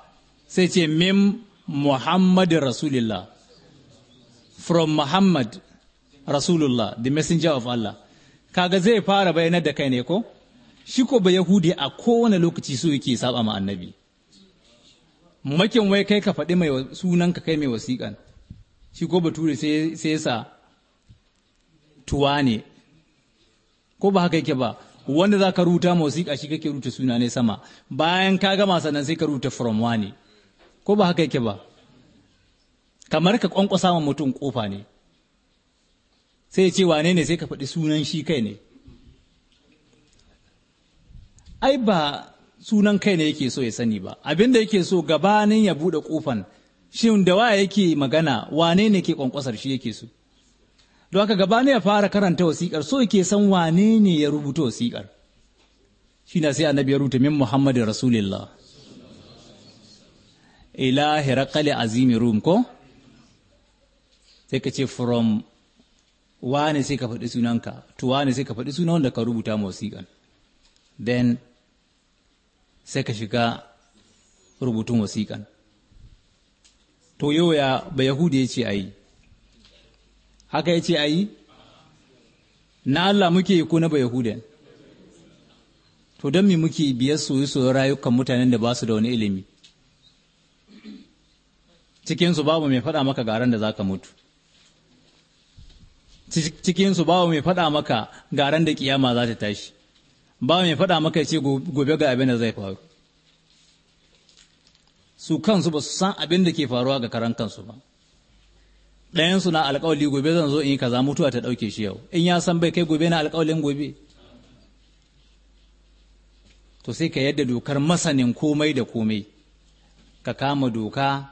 sai ce min muhammad rasulullah from muhammad rasulullah the messenger of allah kaga zai fara bayanar da kai ne ko shi ko ba Yahudi a kowane lokaci su yake saba ma annabi. Makin wai kai ka faɗi mai sunan kai mai wasiƙan, shi ko bature sai sa tuwa ne ko ba haka yake ba wanda za ka ruta ma wasiƙa shi kake rubuta suna ne sama bayan ka gama sannan sai ka ruta from wani, ko ba haka yake ba kamar ka kwankwasa ma mutum kofa ne sai ce wane ne sai ka faɗi sunan shi kai ne ai ba sunan kai ne yake so ya sani ba abin da yake so gabanin ya buɗe kofan shin da wa yake magana wane ne ke kwankwasar shi yake so don haka gaba ya fara karanta wasiƙar? so yake san wane ne ya rubuta wasiƙar? shi na sai annabi ya rubuta min muhammadin rasulillah ila hirakali azimi rum ko sai ka ce from wane sai ka faɗi sunanka to wane sai ka faɗi sunan wanda ka rubuta ma wasiƙan then sai ka shiga rubutun wasiƙan to yau ya bai yahudi ya ce a yi haka ya ce a yi na Allah muke yi ko na bayahudan to don me muke biyar soyi-soyi rayukan mutanen da ba su da wani ilimi cikinsu babu mai faɗa maka garan da za ka mutu cikinsu babu mai faɗa maka garan da kiyama za ta tashi ba mai faɗa maka ce gobe ga abin da zai faru su kansu ba su san abin da ke faruwa ga karan kansu ba ɗayan su na alƙawali gobe zan zo in yi kaza mutuwa ta ɗauke shi yau in ya san bai kai gobe na alƙawalin gobe to sai ka yadda dokar masanin komai da komai ka kama doka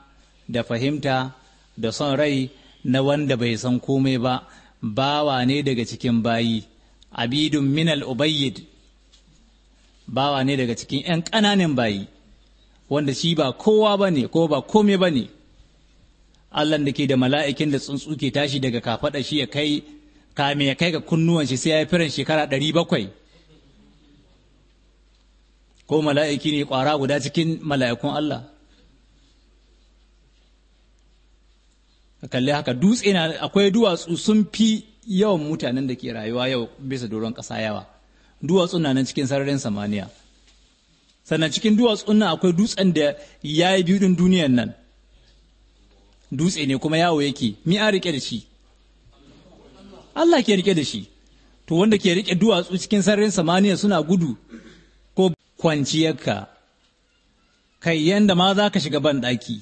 da fahimta da son rai na wanda bai san komai ba bawa ne daga cikin bayi abidun minal ubayyid bawa ne daga cikin 'yan ƙananan bayi wanda shi ba kowa ba ne ko ba komai ba ne Allah da ke da mala'ikin da tsuntsu ke tashi daga kafaɗa shi ya kai kame ya kai ga kunnuwan shi sai ya firan shekara ɗari bakwai ko mala'iki ne ƙwara guda cikin mala'ikun Allah ka kalli haka dutse na akwai duwatsu sun fi yawan mutanen da ke rayuwa yau bisa doron ƙasa yawa duwatsu na nan cikin sararin samaniya sannan cikin duwatsu nan akwai dutsen da ya yi biyu ɗin duniyan nan dutse ne kuma yawo yake mi a rike da shi Allah ke rike da shi to wanda ke rike duwatsu cikin sararin samaniya suna gudu ko kwanciyarka kai yanda ma za ka shiga ban ɗaki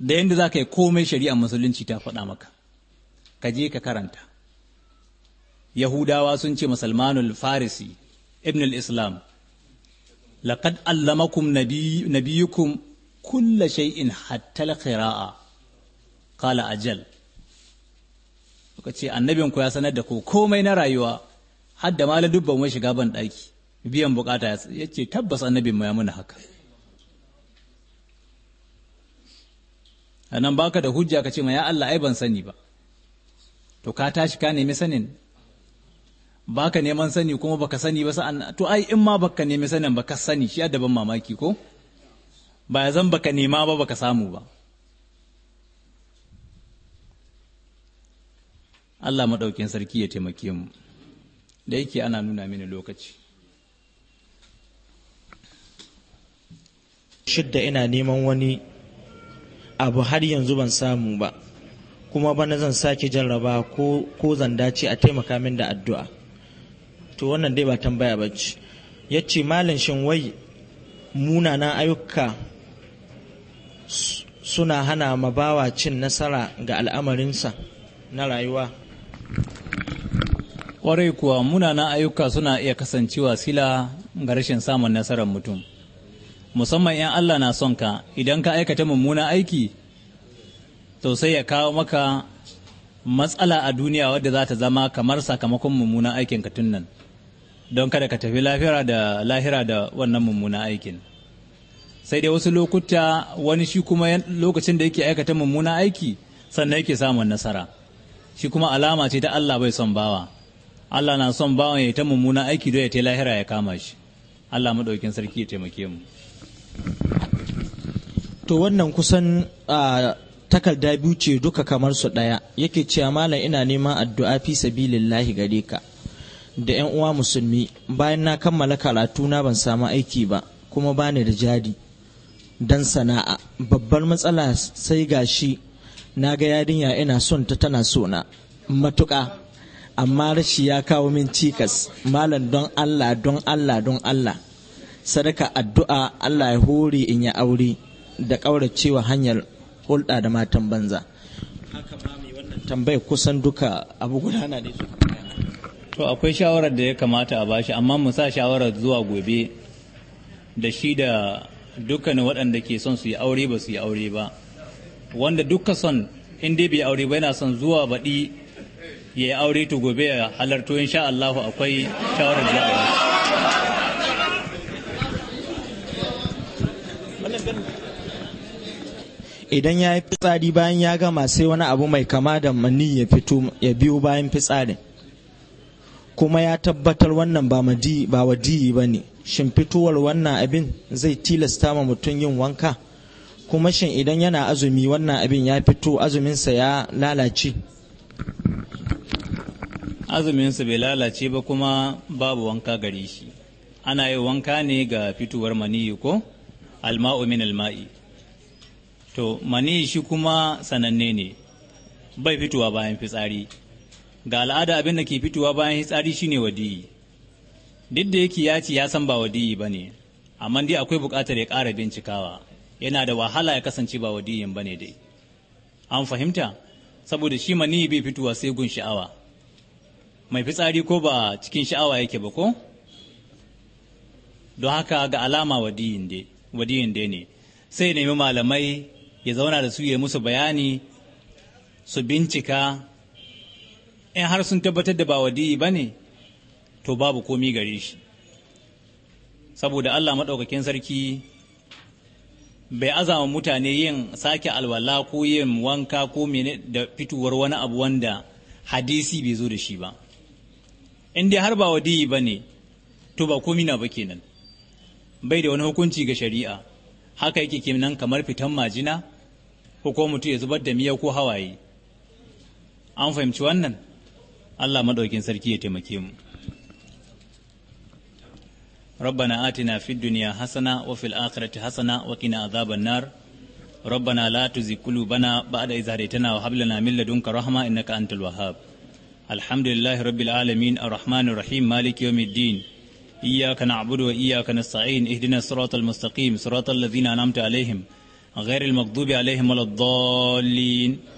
da yanda za ka yi komai shari'ar musulunci ta faɗa maka ka je ka karanta yahudawa sun ce musulmanul farisi ibn al-islam laqad allamakum nabiyukum kulla shay'in hatta al-qira'a qala ajal suka ce annabin ku ya sanar da ku komai na rayuwa har da ma dubban wai shiga ban daki biyan bukata ya tabbas annabin mu ya muna haka anan baka da hujja ka ce ma ya Allah ai sani ba to ka tashi ka nemi sanin baka neman sani kuma baka sani ba sa'an to ai in ma baka nemi sanin baka sani shi da ban mamaki ko ba ya zan baka nema ba baka samu ba Allah maɗaukin sarki ya taimake mu da yake ana nuna mini lokaci
shidda ina neman wani abu har yanzu ban samu ba kuma bana zan sake jarraba ko, ko zan dace a taimaka min da addu'a to wannan dai ba tambaya ba ce ya ce malin shin wai munanan ayyuka suna hana ma bawa cin nasara ga al'amarinsa na rayuwa
kwarai kuwa munanan ayyuka suna iya kasancewa sila ga rashin samun nasarar mutum musamman 'yan Allah na son ka idan ka aikata mummuna aiki to sai ya kawo maka matsala a duniya wadda za ta zama kamar sakamakon mummuna aikin ka don kada ka tafi lafira da lahira da wannan mummunan aikin sai dai wasu lokuta wani shi kuma lokacin da yake aikata mummuna aiki sannan yake samun nasara shi kuma alama ce ta Allah bai son bawa Allah na son bawa ya ta mummuna aiki don ya ta lahira ya kama shi Allah maɗaukin sarki ya taimake mu
to wannan kusan takarda biyu ce duka kamar su ɗaya yake cewa malam ina neman addu'a fi sabilillahi gare ka da 'yan uwa musulmi bayan na kammala karatu na ban samu aiki ba kuma bani da jari don sana'a babbar matsala sai gashi na ga yarinya ina son ta tana sona matuƙa amma rashi ya kawo min cikas malam don allah don allah don allah sadaka addu'a allah ya hori in ya aure da ƙauracewa hanyar hulɗa da matan banza haka mami wannan tambayar kusan duka abu gudana ne
to akwai shawarar da ya kamata a bashi amma mu sa shawarar zuwa gobe da shi da dukkanin waɗanda ke son su yi aure ba su yi aure ba wanda duka son in dai bai aure ba yana son zuwa baɗi ya yi aure to gobe ya halarto sha Allah akwai shawarar da za
idan ya yi fitsari bayan ya gama sai wani abu mai kama da mani ya fito ya biyo bayan fitsarin kuma ya tabbatar wannan ba wadi ba ne shin fitowar wannan abin zai tilasta ma mutum yin wanka kuma shin idan yana azumi wannan abin ya fito azuminsa ya lalace
azuminsa bai lalace ba kuma babu wanka gare shi ana yi wanka ne ga fitowar maniyi ko alma'u min alma'i to maniyi shi kuma sananne ne bai fitowa bayan fitsari ga al'ada abin da ke fitowa bayan fitsari shine wadiyi duk da yake ya ce ya san ba wadiyi ba ne amma dai akwai bukatar ya ƙara bincikawa yana da wahala ya kasance ba wadiyin ba ne dai an fahimta saboda shi mani bai fitowa sai gun sha'awa mai fitsari ko ba cikin sha'awa yake ba ko don haka ga alama wadiyin dai ne sai nemi malamai ya zauna da su ya musu bayani su bincika in har sun tabbatar da ba wadiyi ba ne to babu komi gare shi saboda Allah maɗaukakin sarki bai azama mutane yin sake alwala ko yin wanka ko mene da fituwar wani abu wanda hadisi bai zo da shi ba in dai har ba wadiyi ba ne to ba komi na ba kenan bai da wani hukunci ga shari'a haka yake kenan kamar fitan majina ko kuma mutum ya zubar da miya ko hawaye an fahimci wannan Allah maɗaukin sarki ya taimake mu ربنا آتنا في الدنيا حسنة وفي الآخرة حسنة وقنا عذاب النار ربنا لا تزغ قلوبنا بعد إذ هديتنا وهب لنا من لدنك رحمة إنك أنت الوهاب الحمد لله رب العالمين الرحمن الرحيم مالك يوم الدين إياك نعبد وإياك نستعين اهدنا الصراط
المستقيم صراط الذين أنعمت عليهم غير المغضوب عليهم ولا الضالين